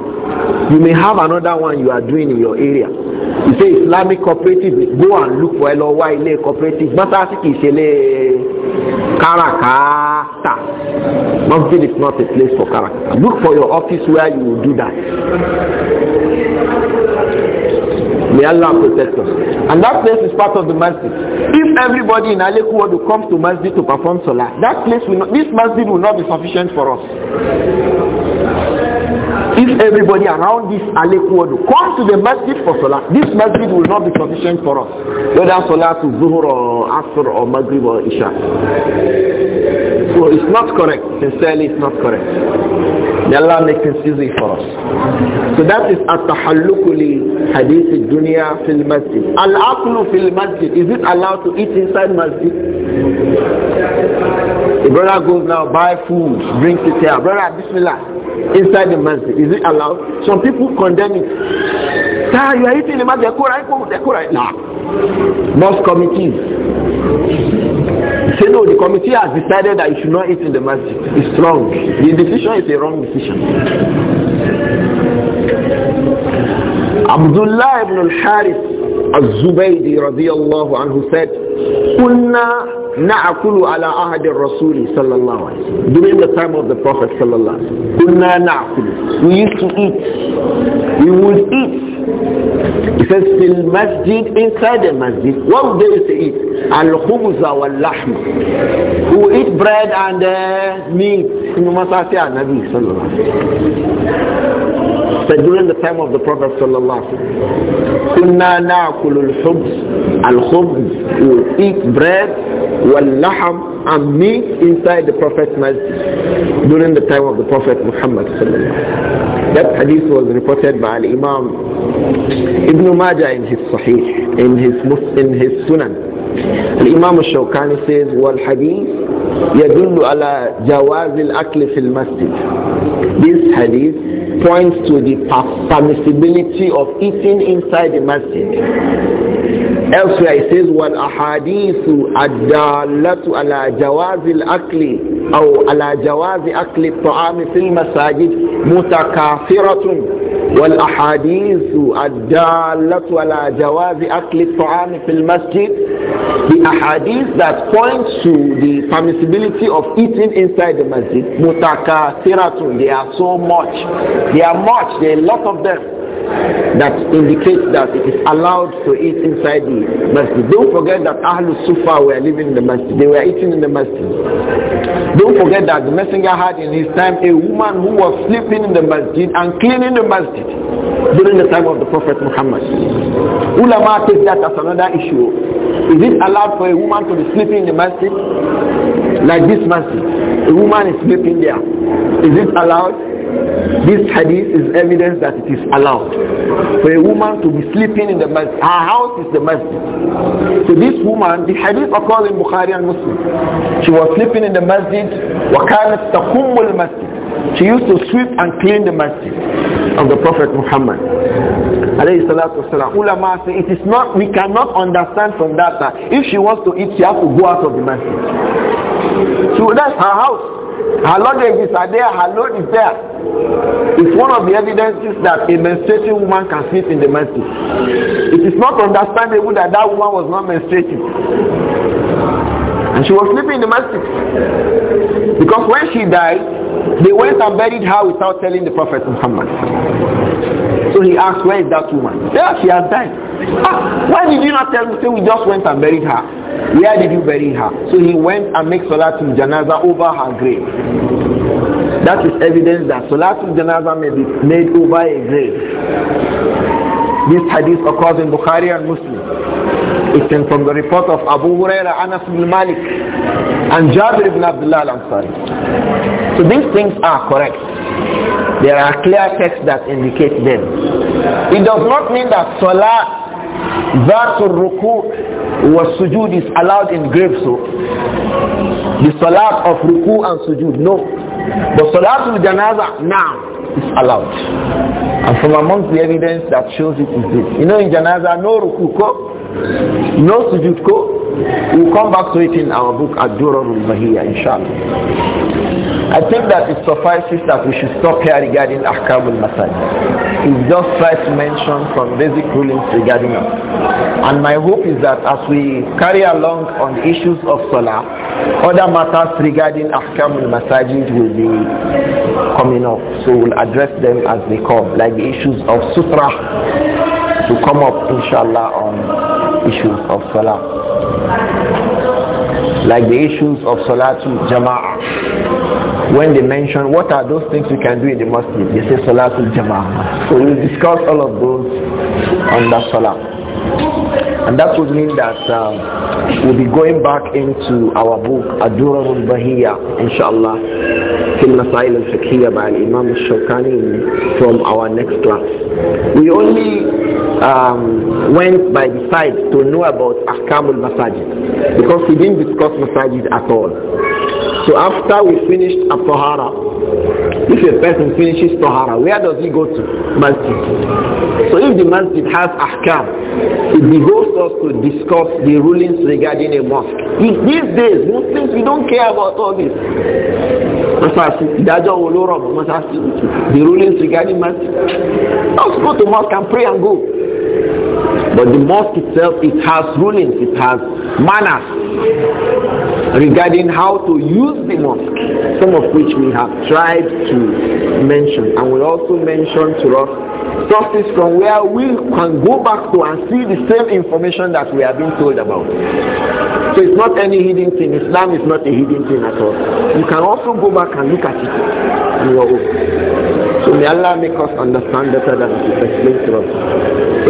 You may have another one you are doing in your area. You say Islamic cooperative, go and look for Elowa Ile cooperative. Mata Asiki Isele Karakata. Masjid is not a place for Karakata. Look for your office where you will do that. May Allah protect us. And that place is part of the masjid. If everybody in Aleku were to come to masjid to perform salah, that place will not, this masjid will not be sufficient for us. if everybody around this Alekuodo come to the masjid for Salah, this masjid will not be sufficient for us, whether Salah to Zuhur or Asr or Maghrib or Isha. So it's not correct. Sincerely, it's not correct. May Allah make it easy for us. So that is the halukuli hadith dunya fil masjid. Al-aqlu fil masjid. Is it allowed to eat inside masjid? The brother goes now, buy food, brings it here. Brother, bismillah. Inside the masjid. Is it allowed? Some people condemn it. Sir, you are eating the Decorate, right Nah. Most committees. Say no, the committee has decided that you should not eat in the masjid. It's wrong. The decision is a wrong decision. Abdullah ibn al-Harith الزبيدي رضي الله عنه said كنا نأكل على عهد الرسول صلى الله عليه وسلم during the time of the prophet صلى الله عليه وسلم كنا نأكل we used to eat we would eat he says في المسجد inside the masjid what would they eat الخبز واللحم we will eat bread and uh, meat in the masjid النبي صلى الله عليه وسلم during the time of the Prophet sallallahu كنا wasallam, will eat bread واللحم and meat inside the Prophet's masjid during the time of the Prophet Muhammad sallallahu That hadith was reported by Imam Ibn Majah in his Sahih, in his, in his Sunan. Imam الشوكاني says والحديث يدل على جواز الأكل في المسجد This hadith points to the permissibility of eating inside the masjid. Elsewhere it says, adalatu ala على akli aw ala jawazi akli أكل الطعام masajid mutakafiratun wal والأحاديث adalatu ala jawazi akli الطعام في masjid the ahadith that points to the permissibility of eating inside the masjid mutakafiratun they are so much they are much there are a lot of them that indicates that it is allowed to eat inside the masjid. Don't forget that Ahlul Sufa were living in the masjid. They were eating in the masjid. Don't forget that the messenger had in his time a woman who was sleeping in the masjid and cleaning the masjid during the time of the Prophet Muhammad. Ulama takes that as another issue. Is it allowed for a woman to be sleeping in the masjid? Like this masjid. A woman is sleeping there. Is it allowed? This hadith is evidence that it is allowed for a woman to be sleeping in the masjid. Her house is the masjid. So this woman, the hadith occurs in Bukhari and Muslim. She was sleeping in the masjid. وَكَانَتْ تَقُمُّ masjid. She used to sweep and clean the masjid of the Prophet Muhammad. Ulama say it is not, we cannot understand from that that if she wants to eat, she has to go out of the masjid. So that's her house. Halod Egisadeh, Halod is there. It's one of the evidences that a menstruating woman can sleep in the masjid. It is not understandable that that woman was not menstruating. And she was sleeping in the masjid. Because when she died, they went and buried her without telling the Prophet Muhammad. So he asked, where is that woman? Yeah, she has died. Ah, why did you not tell me? so we just went and buried her. Where did you bury her? So he went and made Salatul Janaza over her grave. That is evidence that Salatul Janaza may be made over a grave. This hadith occurs in Bukhari and Muslim. It came from the report of Abu Huraira, Anas ibn Malik, and Jabir ibn Abdullah al-Ansari. So these things are correct. There are clear texts that indicate them. It does not mean that Salah that ruku was sujud is allowed in grave so the salat of ruku and sujud no but salat al janaza now is allowed and from amongst the evidence that shows it is this you know in janaza no ruku no sujood ko. We'll come back to it in our book Ad-Durar inshallah. I think that it suffices that we should stop here regarding Ahkam al-Masajid. It just tries to mention some basic rulings regarding us. And my hope is that as we carry along on issues of Salah, other matters regarding Ahkam al-Masajid will be coming up. So we'll address them as they come, like the issues of Sutra to come up, inshallah, on issues of Salah. Like the issues of Salatul Jama'ah. When they mention what are those things we can do in the mosque, they say Salatul Jama'ah. So we'll discuss all of those on Salah. And that would mean that um, we'll be going back into our book, Adura Bahiya, bahiyya inshallah, Fil Masail al-Fiqhiyya by Imam Shokani from our next class. We only um, went by the side to know about Ahkam masajid because we didn't discuss Masajid at all. So after we finished at if a person finishes Tahara, where does he go to? Masjid. So if the masjid has ahkam, it behoves us to discuss the rulings regarding a mosque. In these days, Muslims, we don't care about all this. The rulings regarding mosque. Just go to mosque and pray and go. But the mosque itself, it has rulings, it has manners regarding how to use the mosque, some of which we have tried to mention and we also mention to us sources from where we can go back to and see the same information that we have been told about. So it's not any hidden thing. Islam is not a hidden thing at all. You can also go back and look at it on your own. So may Allah make us understand better than it is explained to us.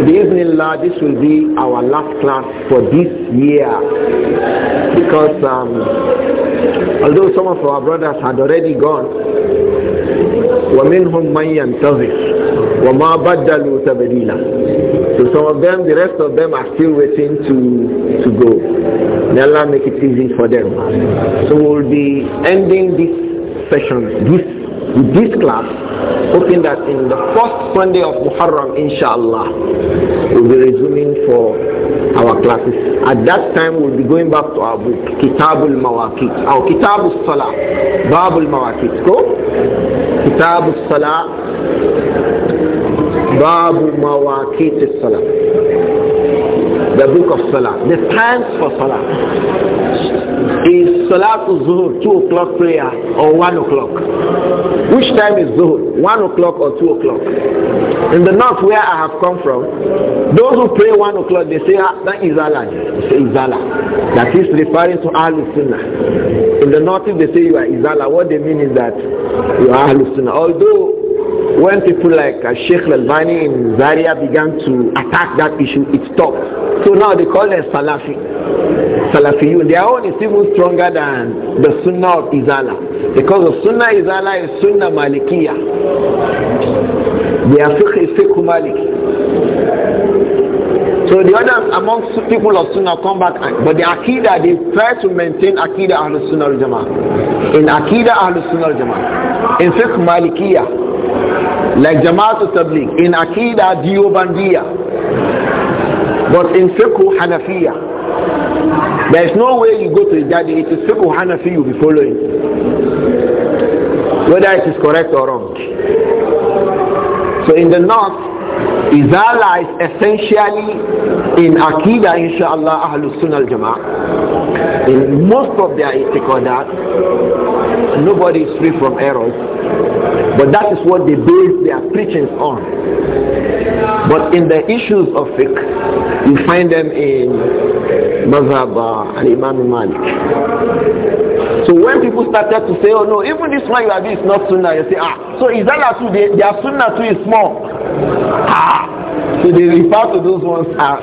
So Allah, this will be our last class for this year. Because um, although some of our brothers had already gone, ومنهم من ينتظر وما بدلوا تبديلا so some of them, the rest of them are still waiting to, to go. May Allah make it easy for them. So we'll be ending this session, this this class, hoping that in the first Sunday of Muharram, inshallah, we'll be resuming for our classes. At that time, we'll be going back to our book, Kitabul Mawakit, our Kitabul Salah, Babul Mawakit. Go. Kitabul Salah, Babul Mawakit Salah the book of Salah, the times for Salah is Salah to Zuhur, 2 o'clock prayer or 1 o'clock. Which time is Zuhur? 1 o'clock or 2 o'clock? In the north where I have come from, those who pray 1 o'clock, they say, ah, that is Allah. They say, Izala. That is referring to Ahlul Sunnah. In the north, if they say you are Izala, what they mean is that you are Ahlul Sunnah. Although when people like uh, Sheikh Lalvani in Zaria began to attack that issue, it stopped. So now they call them Salafi. Salafiyun. Their own is even stronger than the Sunnah of Izala. Because the Sunnah Izala is Sunnah Malikiya. Their fiqh is fiqh Malik. So the others amongst people of Sunnah come back, but the Akida they try to maintain Akida Ahlus Sunnah al-Jama'ah. In Akida Ahlus Sunnah al-Jama'ah. In Fiqh Malikiyah. Like Jamaatul Tabligh. In Akida Diobandia, But in Fiqh, Hanafiya. There is no way you go to the Ijadi. It is Fiqh Hanafi you'll be following. Whether it is correct or wrong. So in the north, Izala is essentially in Akida. inshallah, Ahlul Sunnah al-Jama'ah. In most of their itiqadat, nobody is free from errors. But that is what they base their preachings on. But in the issues of fiqh, you find them in Mazhab uh, and Imam Malik. So when people started to say, oh no, even this one you are is not sunnah, you say, ah, so is that too, they, their sunnah too is small. Ah. So they refer to those ones as uh,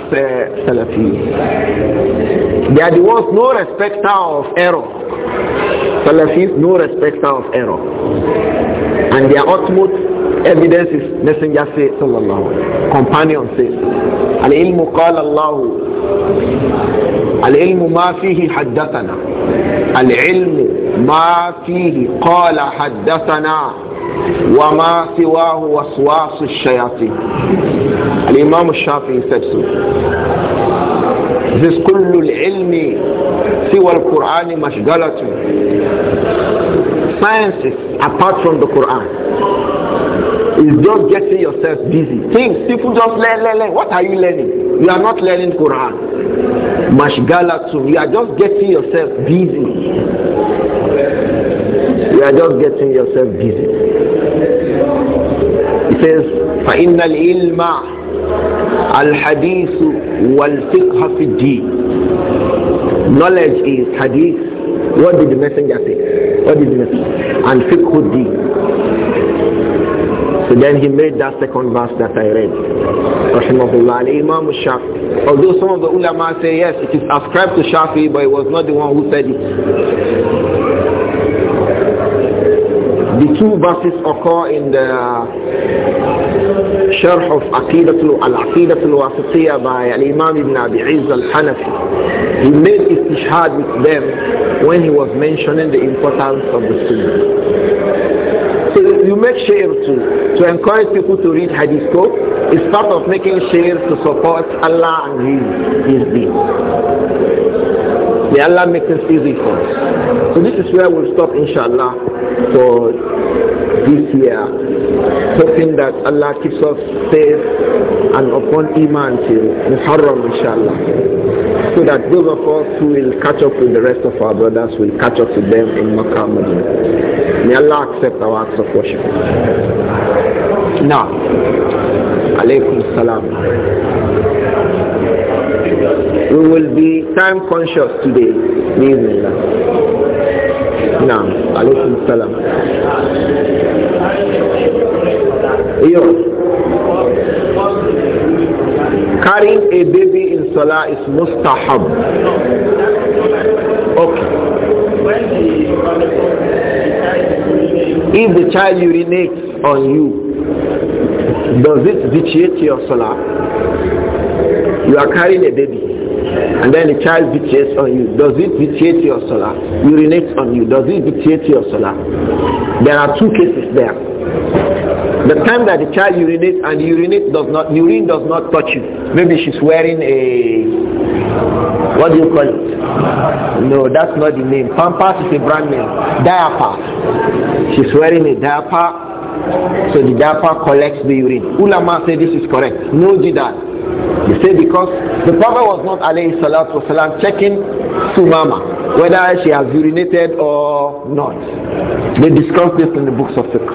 Salafi. They are the ones no respecter of error. Salafis, no respecter of error. And their utmost evidence is Messenger says, sallallahu alayhi companion says, العلم قال الله العلم ما فيه حدثنا العلم ما فيه قال حدثنا وما سواه وسواس الشياطين الإمام الشافعي said so This kullu ilmi siwa al-Qur'ani mashgalatu. Sciences apart from the Qur'an is just getting yourself busy. Things people just learn, learn, learn. What are you learning? You are not learning Qur'an. Mashgalatu. You are just getting yourself busy. You are just getting yourself busy. It says, فَإِنَّ الْإِلْمَ Al-Hadith wal-Fiqh fi Knowledge is Hadith. What did the messenger say? What did the messenger say? And Fiqh deen. So then he made that second verse that I read. Rahimahullah imam Shafi. Although some of the ulama say yes, it is ascribed to Shafi, but it was not the one who said it two verses occur in the Sharh of Aqidatul Al-Aqidatul Wasitiyah by Al-Imam Ibn Abi Izz Al-Hanafi. He made istishhad with them when he was mentioning the importance of the Sunnah. So you make share to, to encourage people to read Hadith Code It's part of making share to support Allah and His, His deen. May Allah make this easy for us. So this is where we'll stop inshallah for this year, hoping that Allah keeps us safe and upon Iman till Muharram inshallah. So that those of us who will catch up with the rest of our brothers will catch up with them in Makkah Madinah. May Allah accept our acts of worship. Now, alaykum salam. We will be time conscious today. Bismillah. Naam. Alaykum salam. Carrying a baby in Salah is mustahab. Okay. If the child urinates on you, does it vitiate your Salah? You are carrying a baby and then the child vitiates on you. Does it vitiate your salah? Urinates on you. Does it vitiate your salah? There are two cases there. The time that the child urinates and urinate does not, urine does not touch you. Maybe she's wearing a, what do you call it? No, that's not the name. Pampas is a brand name. Diaper. She's wearing a diaper so the diaper collects the urine. Ulama say this is correct. No jidal. They say because the Prophet was not alayhi salatu wasalam checking mama whether she has urinated or not. They discuss this in the books of fiqh.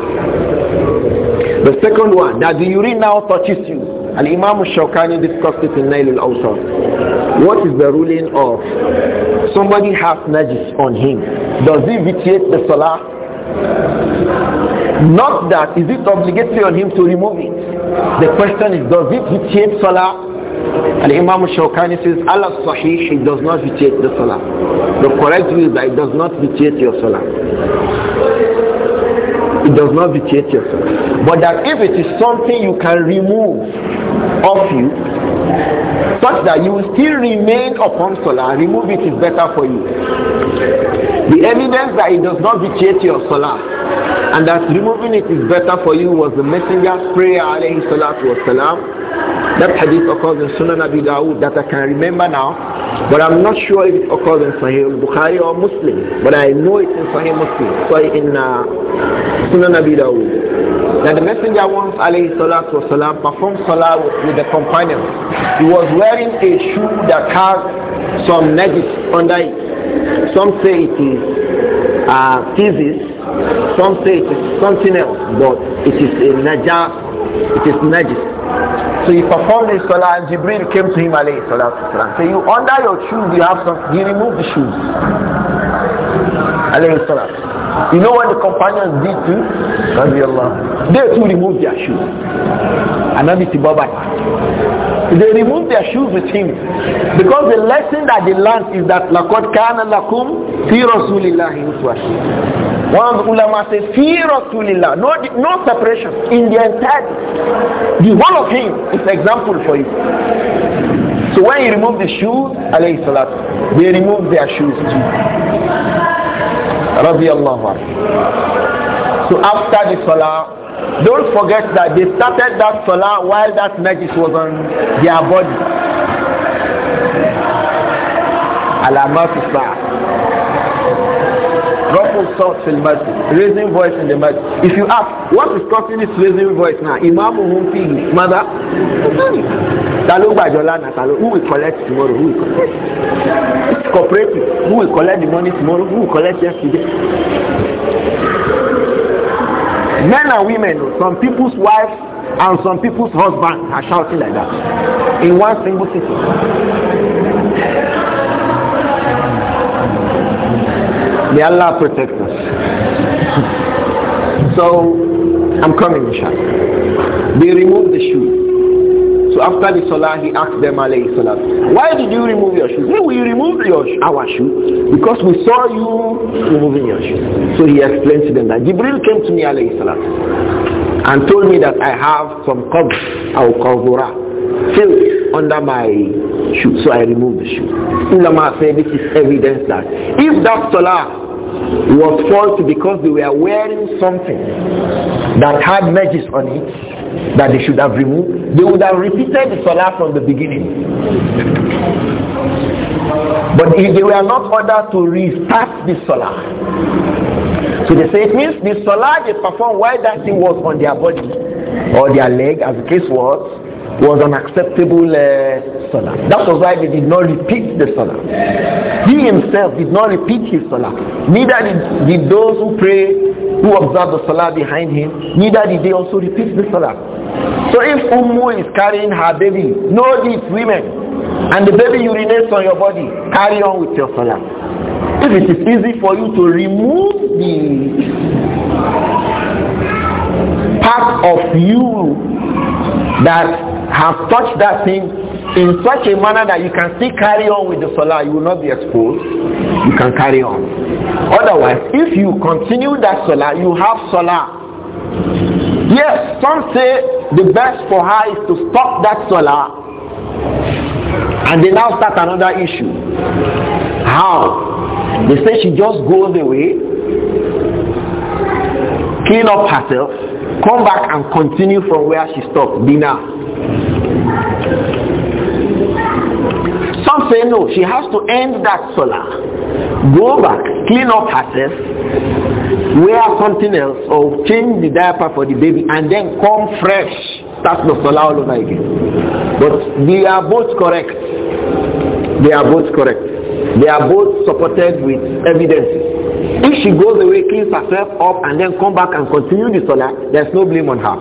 The second one, that the urine now touches you. And Imam Shawkani discussed it in Nail al-Awsat. What is the ruling of somebody has najis on him? Does he vitiate the salah? Not that, is it obligatory on him to remove it? The question is, does it vitiate salah? And Imam Shawkani says, Allah Sahih, it does not vitiate the salah. The correct view is that it does not vitiate your salah. it does not vitiate yourself. But that if it is something you can remove of you, such that you will still remain upon solar, remove it is better for you. The evidence that it does not vitiate your solar and that removing it is better for you was the messenger's prayer alayhi salatu wasalam. That hadith occurs in Sunan Abi Dawud that I can remember now But I'm not sure if it occurs in Sahih Bukhari or Muslim. But I know it's in Sahih Muslim. So in uh, Sunan Abi Dawud. That the Messenger once, alayhi salatu wasalam, performed salah with, with the companions. He was wearing a shoe that had some najis under it. Some say it is uh, thesis, some say it is something else, but it is a najah, it is najis. So he performed his salah and Jibril came to him alayhi salatu wasalam. Say, you under your shoes you have some he removed the shoes. Alayhi salatu. You know what the companions did too? They too removed their shoes. And Anabi they removed their shoes with him because the lesson that they learned is that لَقَدْ كَانَ لَكُمْ فِي رَسُولِ اللَّهِ one of the ulama says, Fear Rasulillah. No, no separation in the entire. The whole of him is example for you. So when you remove the shoes, alayhi salat, they remove their shoes too. Rabbi So after the salah, don't forget that they started that salah while that magic was on their body. Alamat Islam. talks in the mosque, raising voice in the mosque. If you ask, what is causing this raising voice now? Imam Humpi, mother, Talo Bajolana, Talo, who will collect tomorrow? Who will collect? cooperative. Who will collect the money tomorrow? Who will collect yesterday? Men and women, some people's wives and some people's husbands are shouting like that in one single city. May Allah protect us. So I'm coming, inshallah. They removed the shoe. So after the salah, he asked them, alayhi salam, why did you remove your shoe? we removed your, our shoe because we saw you removing your shoe. So he explained to them that Jibril came to me, alayhi salam, and told me that I have some qabr al qawzura, filled under my shoe. So I removed the shoe. Ulama say this is evidence that if that salah was faulty because they were wearing something that had magic on it that they should have removed, they would have repeated the salah from the beginning. But if they were not ordered to restart the salah, so they say it means the salah they performed while that thing was on their body or their leg as the case was, was an acceptable uh, salah. That was why they did not repeat the salah. He himself did not repeat his salah. Neither did, did those who pray, who observe the salah behind him, neither did they also repeat the salah. So if Ummu is carrying her baby, know these women, and the baby urinates on your body, carry on with your salah. If it is easy for you to remove the part of you that have touched that thing in such a manner that you can still carry on with the salah, you will not be exposed. You can carry on. Otherwise, if you continue that salah, you have salah. Yes, some say the best for her is to stop that salah and they now start another issue. How? They say she just goes away, clean up herself, come back and continue from where she stopped, dinner. Some say no, she has to end that salah, go back, clean up herself, wear something else or change the diaper for the baby and then come fresh, start the salah all over again. But they are both correct. They are both correct. They are both supported with evidence. If she goes away, cleans herself up and then come back and continue the salah, there's no blame on her.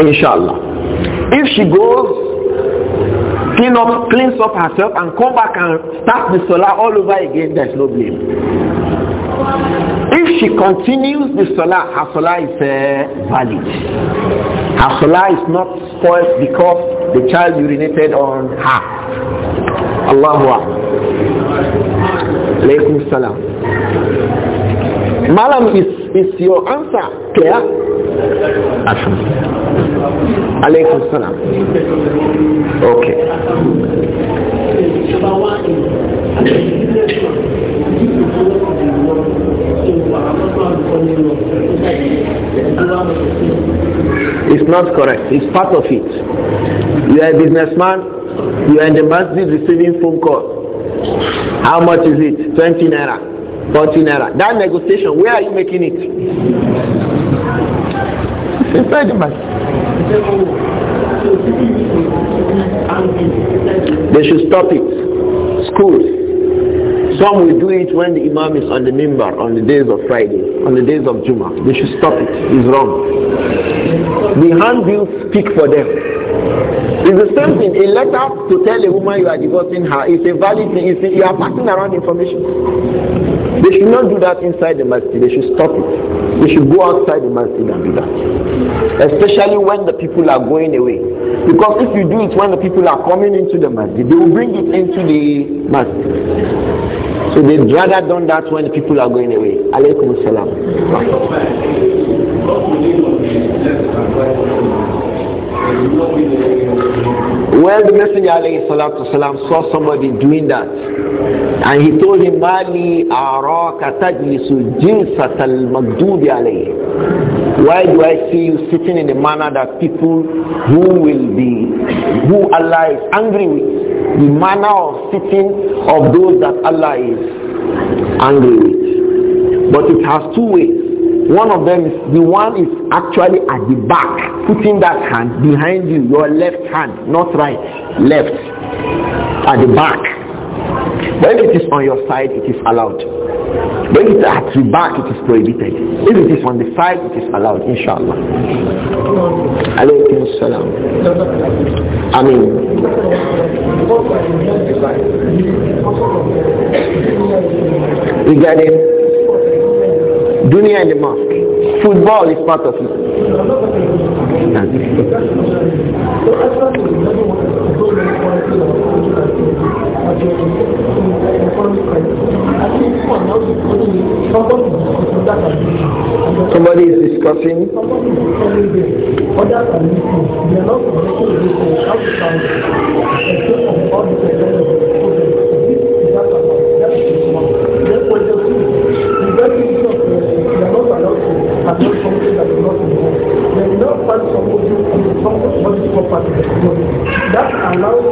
Inshallah. If she goes clean up, cleans up herself and come back and start the salah all over again, there's no blame. If she continues the salah, her salah is uh, valid. Her salah is not spoiled because the child urinated on her. Allahu Akbar. salam. Malam, is, is your answer clear? It's not correct. It's part of it. You are a businessman. You are in the masjid receiving phone call. How much is it? 20 naira. 40 naira. That negotiation, where are you making it? It's very They should stop it. Schools. Some will do it when the Imam is on the mimbar on the days of Friday, on the days of Jummah. They should stop it. It's wrong. The will speak for them. It's the same thing. A letter to tell a woman you are divorcing her is a valid thing. see, you are passing around information. They should not do that inside the masjid. They should stop it. They should go outside the masjid and do that. Especially when the people are going away. Because if you do it when the people are coming into the masjid, they will bring it into the masjid. So they'd rather done that when the people are going away. Alaykum salam. When the Messenger والسلام, saw somebody doing that, and he told him, Mali jinsat Why do I see you sitting in the manner that people who will be, who Allah is angry with, the manner of sitting of those that Allah is angry with. But it has two ways. One of them is the one is actually at the back, putting that hand behind you, your left hand, not right, left, at the back. When it is on your side, it is allowed. When it is at the back, it is prohibited. If it is on the side, it is allowed, inshallah. Alaykum I mean, it. Dunya in the mosque. Football is part of it. Somebody is discussing. Others are property that allows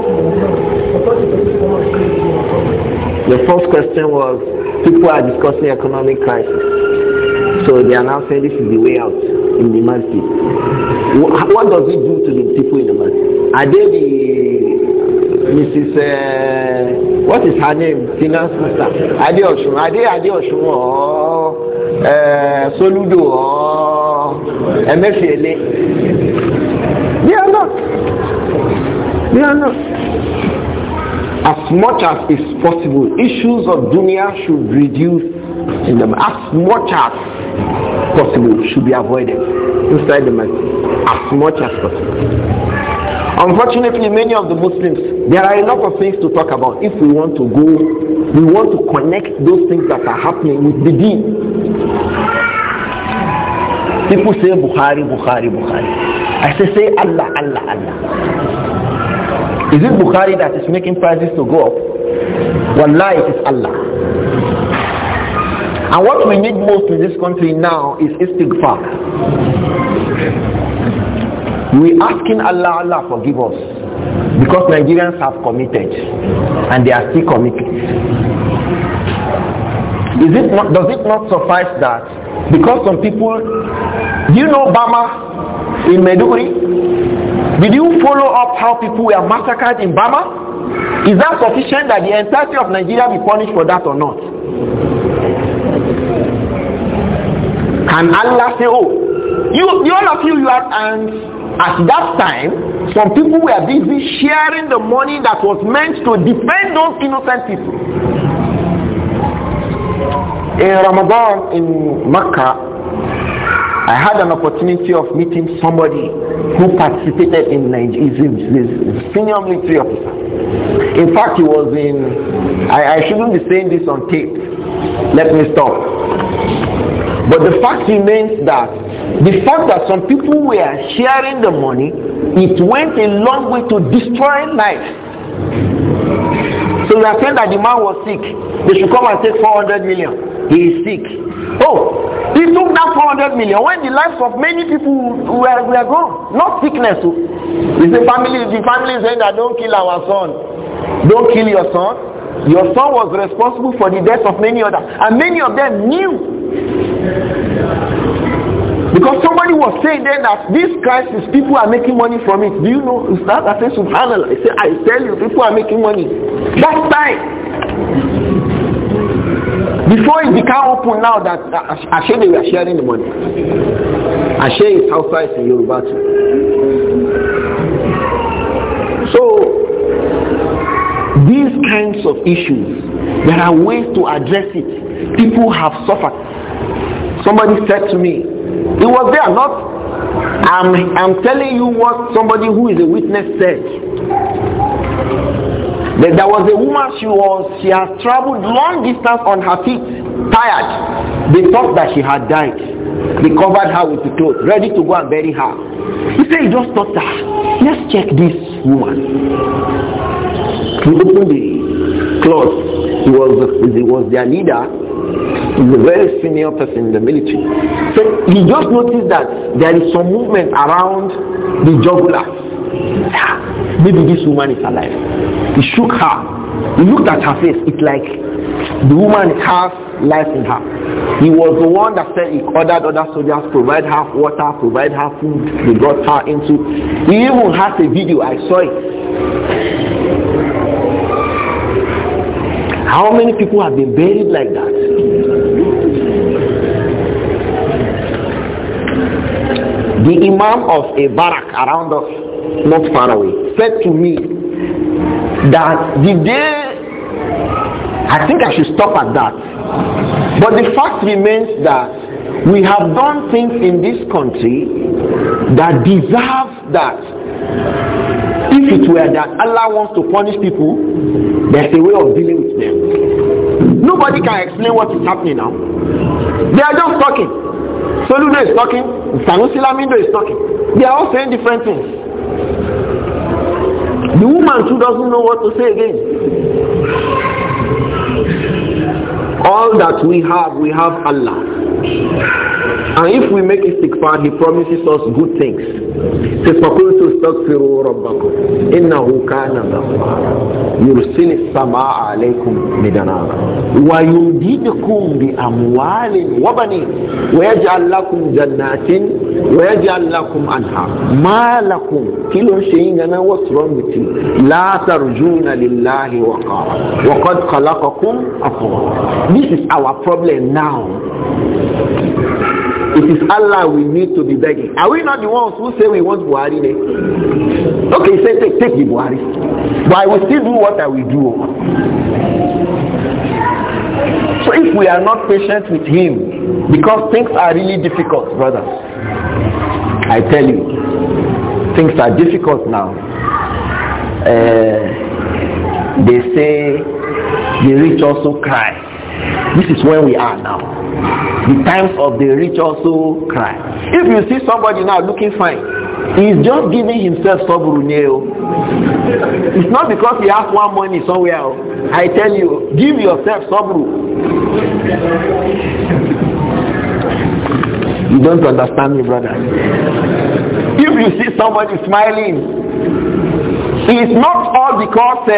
the first question was people are discussing economic crisis. So they are now saying this is the way out in the market. What does it do to the people in the market? Are they the uh, Mrs. Uh, what is her name? Finance Minister. Are they Oshun? Are they, are Oshun or uh, Soludo or Emefiele? no. As much as is possible, issues of dunya should reduce in them. As much as possible should be avoided inside the masjid. As much as possible. Unfortunately, many of the Muslims, there are a lot of things to talk about if we want to go, we want to connect those things that are happening with the deen. People say Bukhari, Bukhari, Bukhari. I say, say Allah, Allah, Allah. Is it Bukhari that is making prices to go up? Wallahi, it is Allah. And what we need most in this country now is istighfar. We asking Allah, Allah forgive us. Because Nigerians have committed. And they are still committed. It not, does it not suffice that because some people do you know Bama in Meduri did you follow up how people were massacred in Burma? Is that sufficient that the entirety of Nigeria be punished for that or not? Can Allah say, oh, you, all of you, you are, and at that time, some people were busy sharing the money that was meant to defend those innocent people. In Ramadan in Mecca, I had an opportunity of meeting somebody who participated in Nigerian senior military officer. In fact, he was in, I, I shouldn't be saying this on tape. Let me stop. But the fact remains that the fact that some people were sharing the money, it went a long way to destroying life. So you are saying that the man was sick. They should come and take 400 million. He is sick. Oh, He took that 400 million when the lives of many people were, were gone. Not sickness. Oh. It's the family, the family saying that don't kill our son. Don't kill your son. Your son was responsible for the death of many others. And many of them knew. Because somebody was saying then that this crisis, people are making money from it. Do you know? Is that I say, subhanAllah. I say, I tell you, people are making money. That's time. Before it became open now that uh, Ashe they were sharing the money. Ashe is outside in Yoruba too. So these kinds of issues, there are ways to address it. People have suffered. Somebody said to me, it was there, not I'm, I'm telling you what somebody who is a witness said. That there was a woman, she was, she has traveled long distance on her feet, tired. They thought that she had died. They covered her with the clothes, ready to go and bury her. He said he just thought that, let's check this woman. He opened the cloth. He was, he was their leader. He's a very senior person in the military. So he just noticed that there is some movement around the jugular. Ah, maybe this woman is alive. He shook her. He looked at her face. It's like the woman has life in her. He was the one that said he ordered other soldiers provide her water, provide her food. They brought her into. He even has a video. I saw it. How many people have been buried like that? The imam of a barrack around us not far away, said to me that the day I think I should stop at that. But the fact remains that we have done things in this country that deserve that if it were that Allah wants to punish people, there's a way of dealing with them. Nobody can explain what is happening now. They are just talking. Soludo is talking. Sanusi Lamindo is talking. They are all saying different things. The woman too doesn't know what to say again. All that we have, we have Allah. And if we make istighfar, He promises us good things. فقلت استغفروا ربكم إنه كان غفارا يرسل السماء عليكم مدرارا ويمددكم بأموال وبنين ويجعل لكم جنات ويجعل لكم أنهار ما لكم كل شيء أنا وصرمتي لا ترجون لله وقارا وقد خلقكم أطوار This is our problem now. It is Allah we need to be begging. Are we not the ones who say we want Buhari? Ne? Okay, say take, take the Buhari. But I will still do what I will do. So if we are not patient with him, because things are really difficult, brothers, I tell you, things are difficult now. Uh, they say the rich also cry. This is where we are now. The times of the rich also cry. If you see somebody now looking fine, he's just giving himself sobruneo. It's not because he has one money somewhere. Else. I tell you, give yourself sobru. You don't understand me, brother. If you see somebody smiling, it's not all because uh,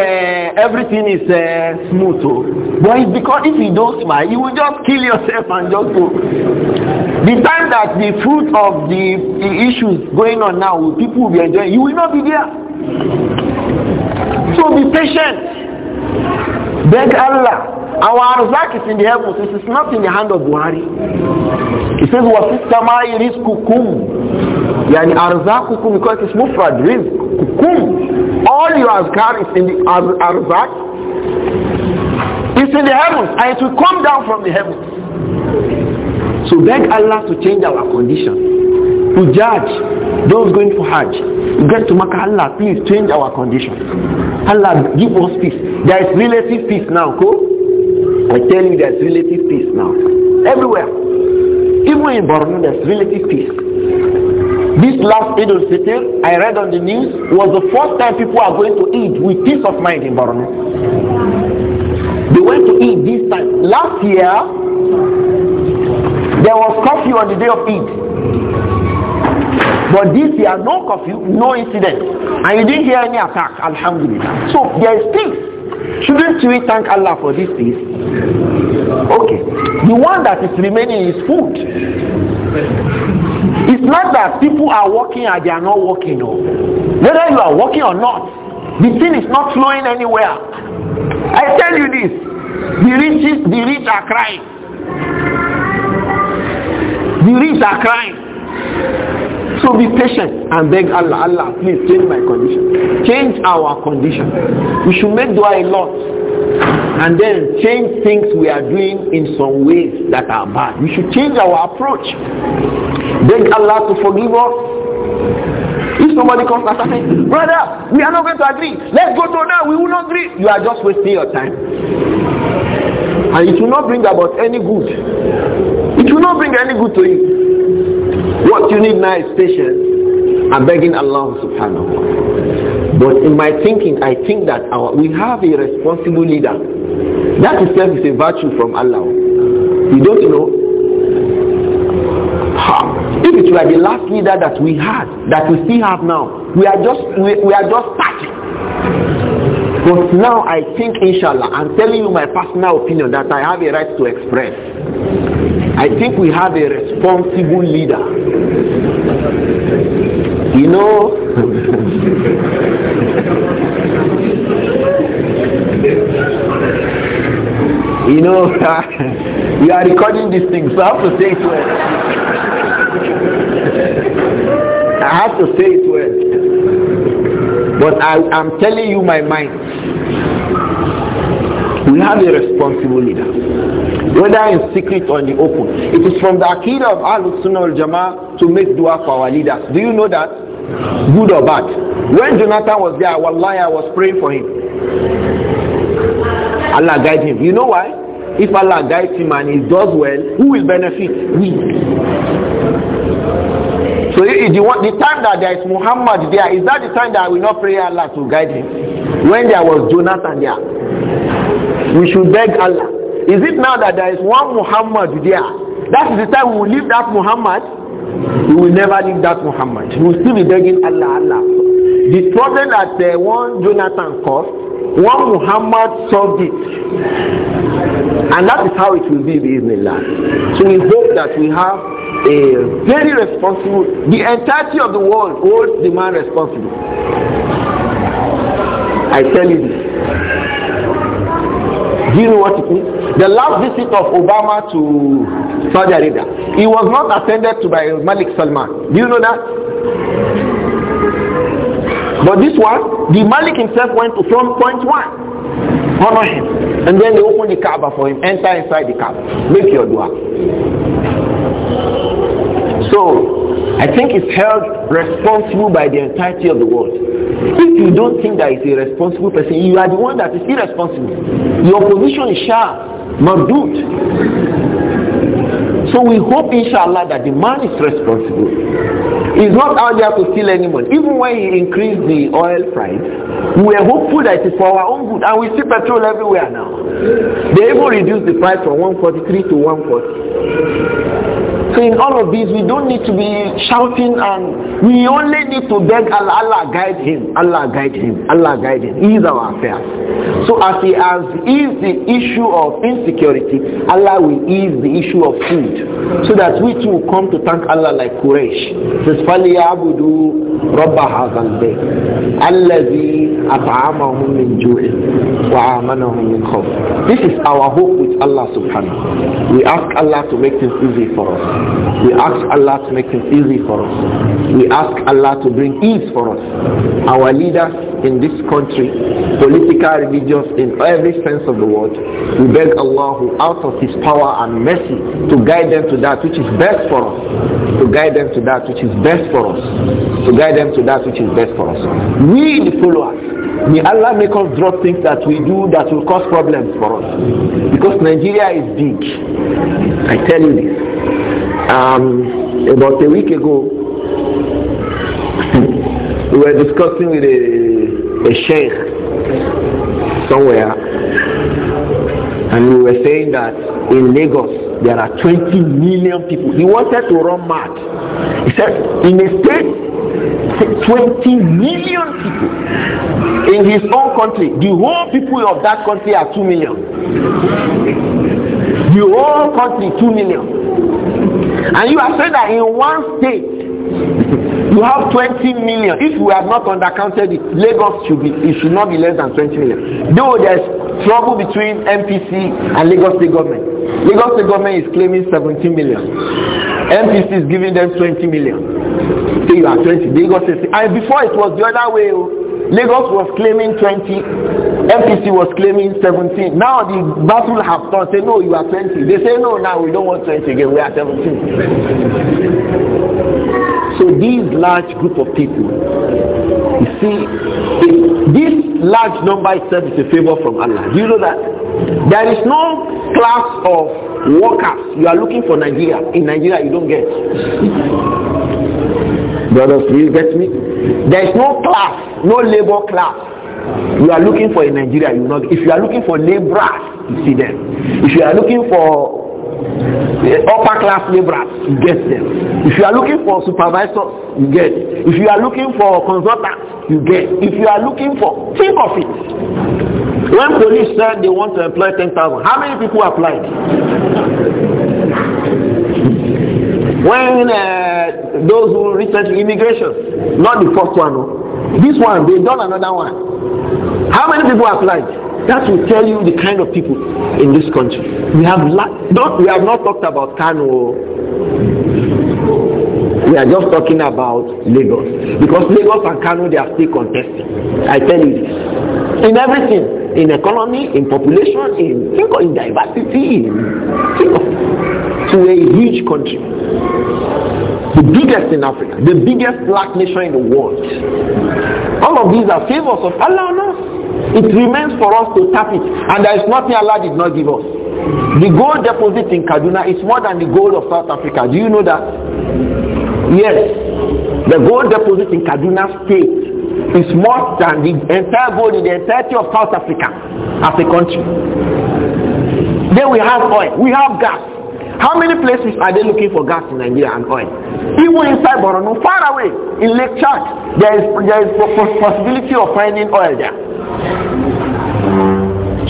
everything is uh, smooth. Oh. But it's because if you don't smile, you will just kill yourself and just go. The time that the fruit of the, the issues going on now, people will be enjoying, you will not be there. So be patient. Beg Allah our Arzak is in the heavens. It is not in the hand of Buhari. It says, وَفِي السَّمَاءِ رِزْقُكُمْ يعني أَرْزَاقُكُمْ because it's mufrad, رِزْقُكُمْ All your Azkar is in the ar- Arzak. It's in the heavens and it will come down from the heavens. So beg Allah to change our condition. To judge those going for Hajj. We get to Makkah, Allah, please change our condition. Allah, give us peace. There is relative peace now, cool? I tell you there's relative peace now. Everywhere. Even in Borno there's relative peace. This last Eid al-Fitr I read on the news was the first time people are going to eat with peace of mind in Borno. They went to eat this time. Last year there was coffee on the day of Eid. But this year no coffee, no incident. And you didn't hear any attack, alhamdulillah. So there is peace. Shouldn't we thank Allah for these things? Okay. The one that is remaining is food. It's not that people are working and they are not working. No. Whether you are working or not, the thing is not flowing anywhere. I tell you this. The rich, the rich are crying. The rich are crying. So be patient and beg Allah, Allah, please change my condition. Change our condition. We should make dua a lot. And then change things we are doing in some ways that are bad. We should change our approach. Beg Allah to forgive us. If somebody comes and says, brother, we are not going to agree. Let's go to now. We will not agree. You are just wasting your time. And it will not bring about any good. It will not bring any good to you. What you need now is patience. and begging Allah subhanahu wa ta'ala. But in my thinking, I think that our, we have a responsible leader. That itself is a virtue from Allah. You don't know. If it were the last leader that we had, that we still have now, we are just we, we are just starting. But now I think, inshallah, I'm telling you my personal opinion that I have a right to express. I think we have a responsible leader. You know, you know, we are recording these things, so I have to say it well. I have to say it well. But I, I'm telling you my mind. We have a responsible leader, whether in secret or in the open. It is from the Aqidah of Al Sunnah al Jama'ah to make dua for our leaders. Do you know that? Good or bad. When Jonathan was there, wallahi, I was praying for him. Allah guide him. You know why? If Allah guides him and he does well, who will benefit? We. So the, one, the time that there is Muhammad there, is that the time that we not pray Allah to guide him? When there was Jonathan there, we should beg Allah. Is it now that there is one Muhammad there? That is the time we will leave that Muhammad. We will never leave that Muhammad. We will still be begging Allah, Allah. The problem that the uh, one Jonathan caused, one Muhammad solved it. And that is how it will be in the land. So we hope that we have a very responsible, the entirety of the world holds the man responsible. I tell you this. Do you know what it means? The last visit of Obama to Saudi Arabia, he was not attended to by Malik Salman. Do you know that? But this one, the Malik himself went to from point one. Honor him. And then they open the Kaaba for him. Enter inside the Kaaba. Make your dua. So, I think it's held responsible by the entirety of the world. If you don't think that it's a responsible person, you are the one that is irresponsible. Your position is sharp, mardut. So we hope, inshallah, that the man is responsible. He's not out there to steal anyone. Even when he increased the oil price, we are hopeful that it's for our own good. And we see petrol everywhere now. They even reduced the price from 143 to 140. So in all of this, we don't need to be shouting and we only need to beg Allah, Allah guide him, Allah guide him, Allah guide him. He is our affair. So as he has eased the issue of insecurity, Allah will ease the issue of food. So that we too come to thank Allah like Quraysh. Says, فَلْيَعْبُدُوا رَبَّ هَذَا الْبَيْتِ الَّذِي أَطْعَمَهُم مِّن جُوعٍ وَآمَنَهُم مِّنْ خَوْفٍ This is our hope with Allah subhanahu. We ask Allah to make things easy for us. We ask Allah to make things easy for us. We ask Allah to bring ease for us. Our leaders in this country, political, religious, in every sense of the word, we beg Allah who out of his power and mercy to guide them to that which is best for us. To guide them to that which is best for us. To guide them to that which is best for us. We the followers May Allah make us drop things that we do that will cause problems for us. Because Nigeria is big. I tell you this um, about a week ago, we were discussing with a, a sheikh somewhere, and we were saying that in Lagos there are 20 million people. He wanted to run mad. He said, in a state, 20 million people. In his own country, the whole people of that country are 2 million. The whole country, 2 million. And you are saying that in one state, you have 20 million. If we have not undercounted it, Lagos should be, it should not be less than 20 million. Though there's trouble between MPC and Lagos state government. Lagos state government is claiming 17 million. MPC is giving them 20 million. So you are 20. Lagos state, and before it was the other way. Oh, Lagos was claiming 20 MPC was claiming 17. Now the battle have done say no, you are 20. They say no, now we don't want 20 again, we are 17. so these large group of people, you see, this large number itself is a favor from Allah. Do you know that? There is no class of workers you are looking for Nigeria. In Nigeria, you don't get. Brothers, do you get me? There is no class, no labor class you are looking for in nigeria you know if you are looking for laborers you see them if you are looking for eh, upper class laborers you get them if you are looking for supervisors you get if you are looking for consultants you get if you are looking for think of it when police said they want to employ ten thousand how many people applied when uh, those who research immigration not the first one no oh. This one, they done another one. How many people applied? That will tell you the kind of people in this country. We have la- not, we have not talked about Kano. We are just talking about Lagos because Lagos and Kano they are still contesting. I tell you this. In everything, in economy, in population, in think of, in diversity, in think of, to a huge country. The biggest in Africa, the biggest black nation in the world. All of these are favors of Allah on us. It remains for us to tap it. And there is nothing Allah did not give us. The gold deposit in Kaduna is more than the gold of South Africa. Do you know that? Yes. The gold deposit in Kaduna State is more than the entire gold in the entirety of South Africa as a country. Then we have oil. We have gas. How many places are they looking for gas in Nigeria and oil? Even inside Borno, far away, in Lake Chad, there is, there is possibility of finding oil there.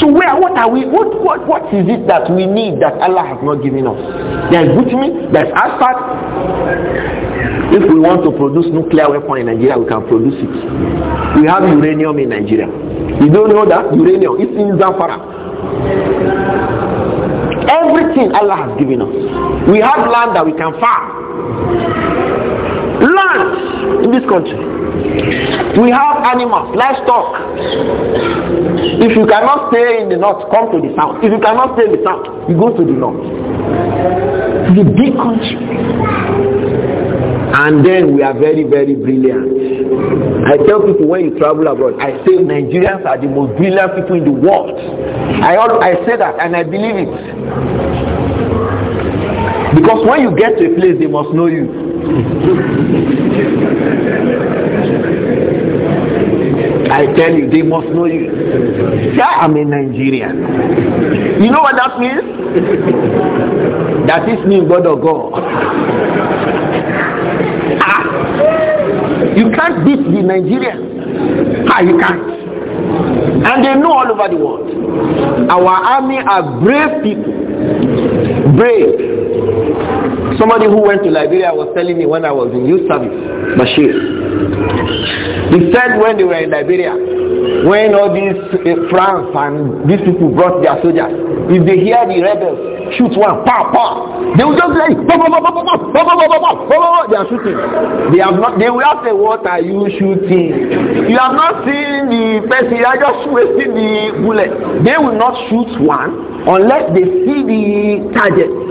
So where, what are we, what, what, what is it that we need that Allah has not given us? There is butumi, there is asphalt. If we want to produce nuclear weapon in Nigeria, we can produce it. We have uranium in Nigeria. You don't know that? Uranium, it's in Zamfara. Everything Allah has given us. We have land that we can farm. Land in this country. We have animals, livestock. If you cannot stay in the north, come to the south. If you cannot stay in the south, you go to the north. The big country. And then we are very, very brilliant. I tell people when you travel abroad, I say Nigerians are the most brilliant people in the world. I, I say that and I believe it. Because when you get to a place, they must know you. I tell you, they must know you. Yeah, I'm a Nigerian. You know what that means? That is me, God of God. You can't beat the Nigerians. Ah, you can't. And they know all over the world. Our army are brave people. Brave. Somebody who went to Liberia was telling me when I was in youth service, Bashir, he said when they were in Liberia, when all these uh, France and these people brought their soldiers, if they hear the rebels shoot one, pow, pow, they will just like, pow, pow, pow, pow, pow, pow, pow, pow, pow, pow, they are shooting. They have not, they will ask, what are you shooting? You have not seen the person, you are just wasting the bullet. They will not shoot one unless they see the target.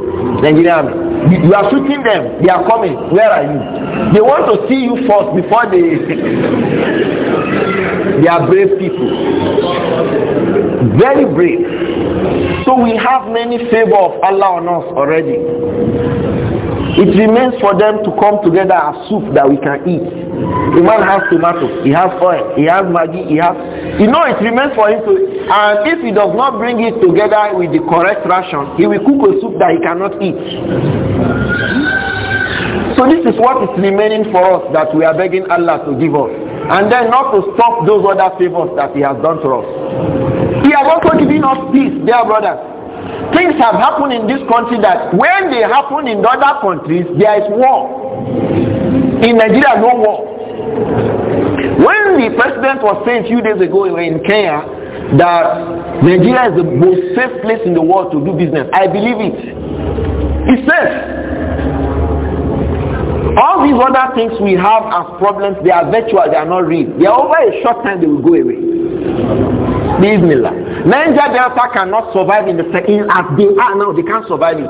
Nigerian army. You are shooting them. They are coming. Where are you? They want to see you first before they... they are brave people. Very brave. So we have many favor of Allah on us already. It remains for them to come together as soup that we can eat. The man has tomato, he has oil, he has maggi, he has. You know, it remains for him to. And if he does not bring it together with the correct ration, he will cook a soup that he cannot eat. So this is what is remaining for us that we are begging Allah to give us. And then not to stop those other favors that he has done to us. He has also given us peace, dear brothers. Things have happened in this country that when they happen in other countries, there is war. In Nigeria, no war. When the president was saying a few days ago in Kenya that Nigeria is the most safe place in the world to do business, I believe it. He says, all these other things we have as problems, they are virtual, they are not real. They are over a short time, they will go away. Bismillah. Niger Delta cannot survive in the second as they are now. They can't survive it.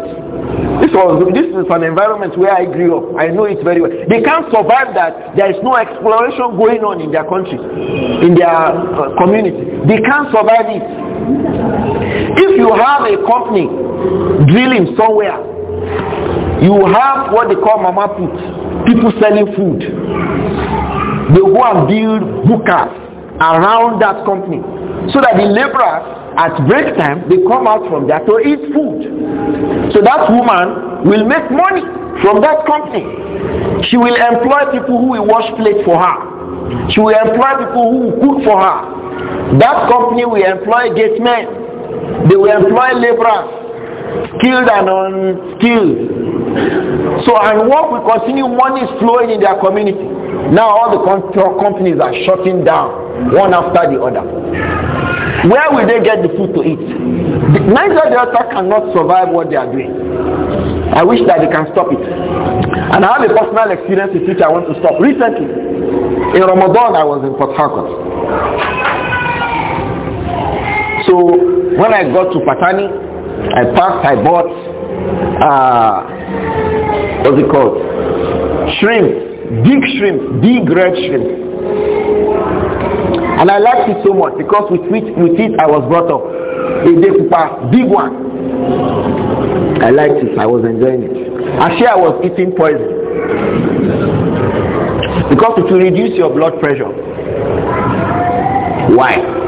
This, was, this is an environment where I grew up. I know it very well. They can't survive that. There is no exploration going on in their country, in their uh, community. They can't survive it. If you have a company drilling somewhere, you have what they call mama put, people selling food. They go and build bukas around that company so that the laborers at break time they come out from there to eat food so that woman will make money from that company she will employ people who will wash plate for her she will employ people who will cook for her that company will employ gate men they will employ laborers skilled and unskilled. So and work will continue, money is flowing in their community. Now all the companies are shutting down one after the other. Where will they get the food to eat? Niger Delta cannot survive what they are doing. I wish that they can stop it. And I have a personal experience with which I want to stop. Recently, in Ramadan, I was in Port Harcourt. So when I got to Patani, I packed. I bought, uh, what's it called? Shrimp, big shrimp, big red shrimp. And I liked it so much because with, which, with it I was brought up. A dekupa, big one. I liked it, I was enjoying it. Actually I was eating poison. Because it will reduce your blood pressure. Why?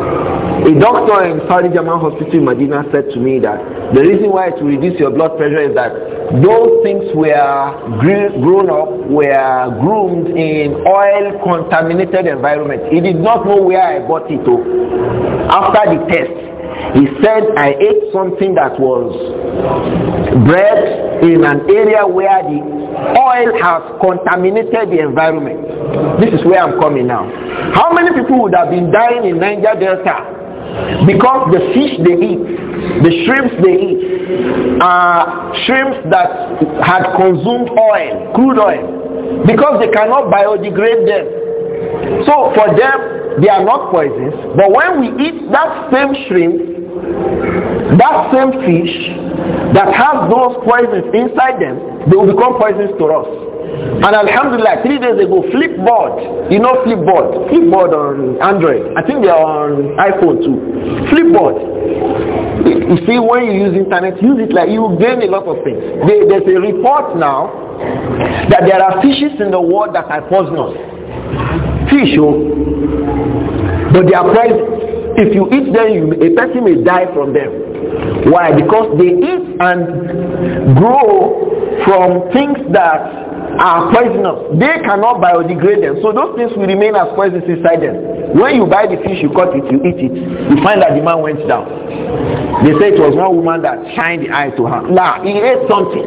A doctor in Saudi Jamal Hospital in Medina said to me that the reason why it will reduce your blood pressure is that those things were grown up, were groomed in oil-contaminated environment. He did not know where I bought it After the test, he said, I ate something that was bred in an area where the oil has contaminated the environment. This is where I'm coming now. How many people would have been dying in Niger Delta because the fish they eat the shrimps they eat are shrimps that had consumed oil, crude oil, because they cannot biodegrade them. So for them, they are not poisons. But when we eat that same shrimp, that same fish that has those poisons inside them, they will become poisons to us. And alhamdulillah, three days ago, Flipboard, you know Flipboard, Flipboard on Android. I think they are on iPhone too. Flipboard. You see, when you use internet, use it like you gain a lot of things. They, there's a report now that there are fishes in the world that are poisonous. Fish, oh. But they are poisonous if you eat them you, a person may die from them why because they eat and grow from things that are poisonous. They cannot biodegrade them. So those things will remain as poisons inside them. When you buy the fish, you cut it, you eat it. You find that the man went down. They say it was one woman that shined the eye to her. Nah, he ate something.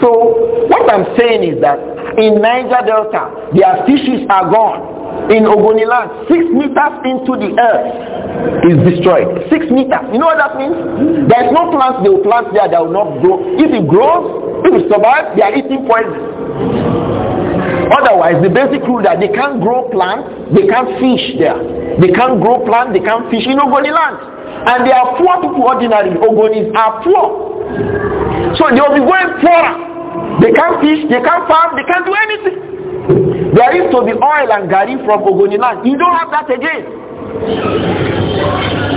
So what I'm saying is that in Niger Delta, their fishes are gone in Ogoniland, six meters into the earth is destroyed. Six meters. You know what that means? There is no plants they will plant there that will not grow. If it grows, it will survive. They are eating poison. Otherwise, the basic rule that they can't grow plants, they can't fish there. They can't grow plants, they can't fish in Ogoni land. And they are poor people ordinary. Ogonis are poor. So they will be going poorer. They can't fish, they can't farm, they can't do anything. There used to be oil and gari from Ogoniland. You don't have that again.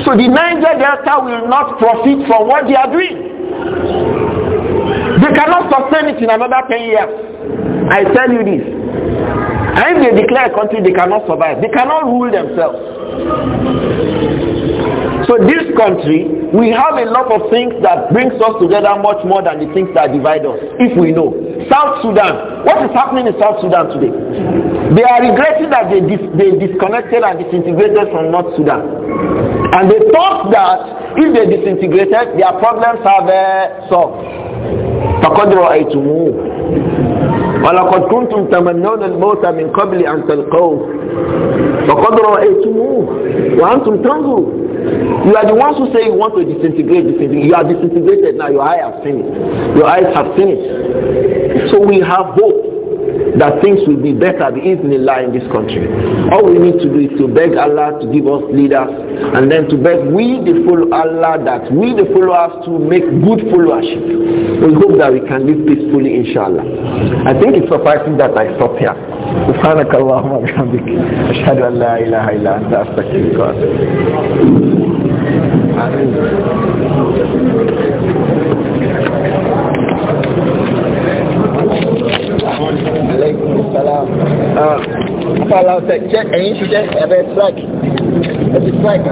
So the Niger Delta will not profit from what they are doing. They cannot sustain it in another 10 years. I tell you this. And if they declare a country, they cannot survive. They cannot rule themselves. So this country, we have a lot of things that brings us together much more than the things that divide us, if we know. South Sudan, what is happening in South Sudan today? They are regretting that they, dis they disconnected and disintegrated from North Sudan. And they thought that if they disintegrated, their problems have uh, solved. فقد رأيتموه ولقد كنتم تمنون الموت من قبل أن تلقوه فقد رأيتموه وأنتم تنظروا You are the ones who say you want to disintegrate, disintegrate. You are disintegrated now. Your eyes have seen it. Your eyes have seen it. So we have hope that things will be better the evening lie in this country. All we need to do is to beg Allah to give us leaders and then to beg we the follow Allah that we the followers to make good followership. We hope that we can live peacefully inshallah. I think it's sufficing that I stop here. سبحانك اللهم وبحمدك أشهد أن لا إله إلا أنت أستغفرك وأتوب ọ̀sẹ̀ ẹ̀yìn ti jẹ́ ẹ̀bẹ̀ strike ẹ̀bẹ̀ strike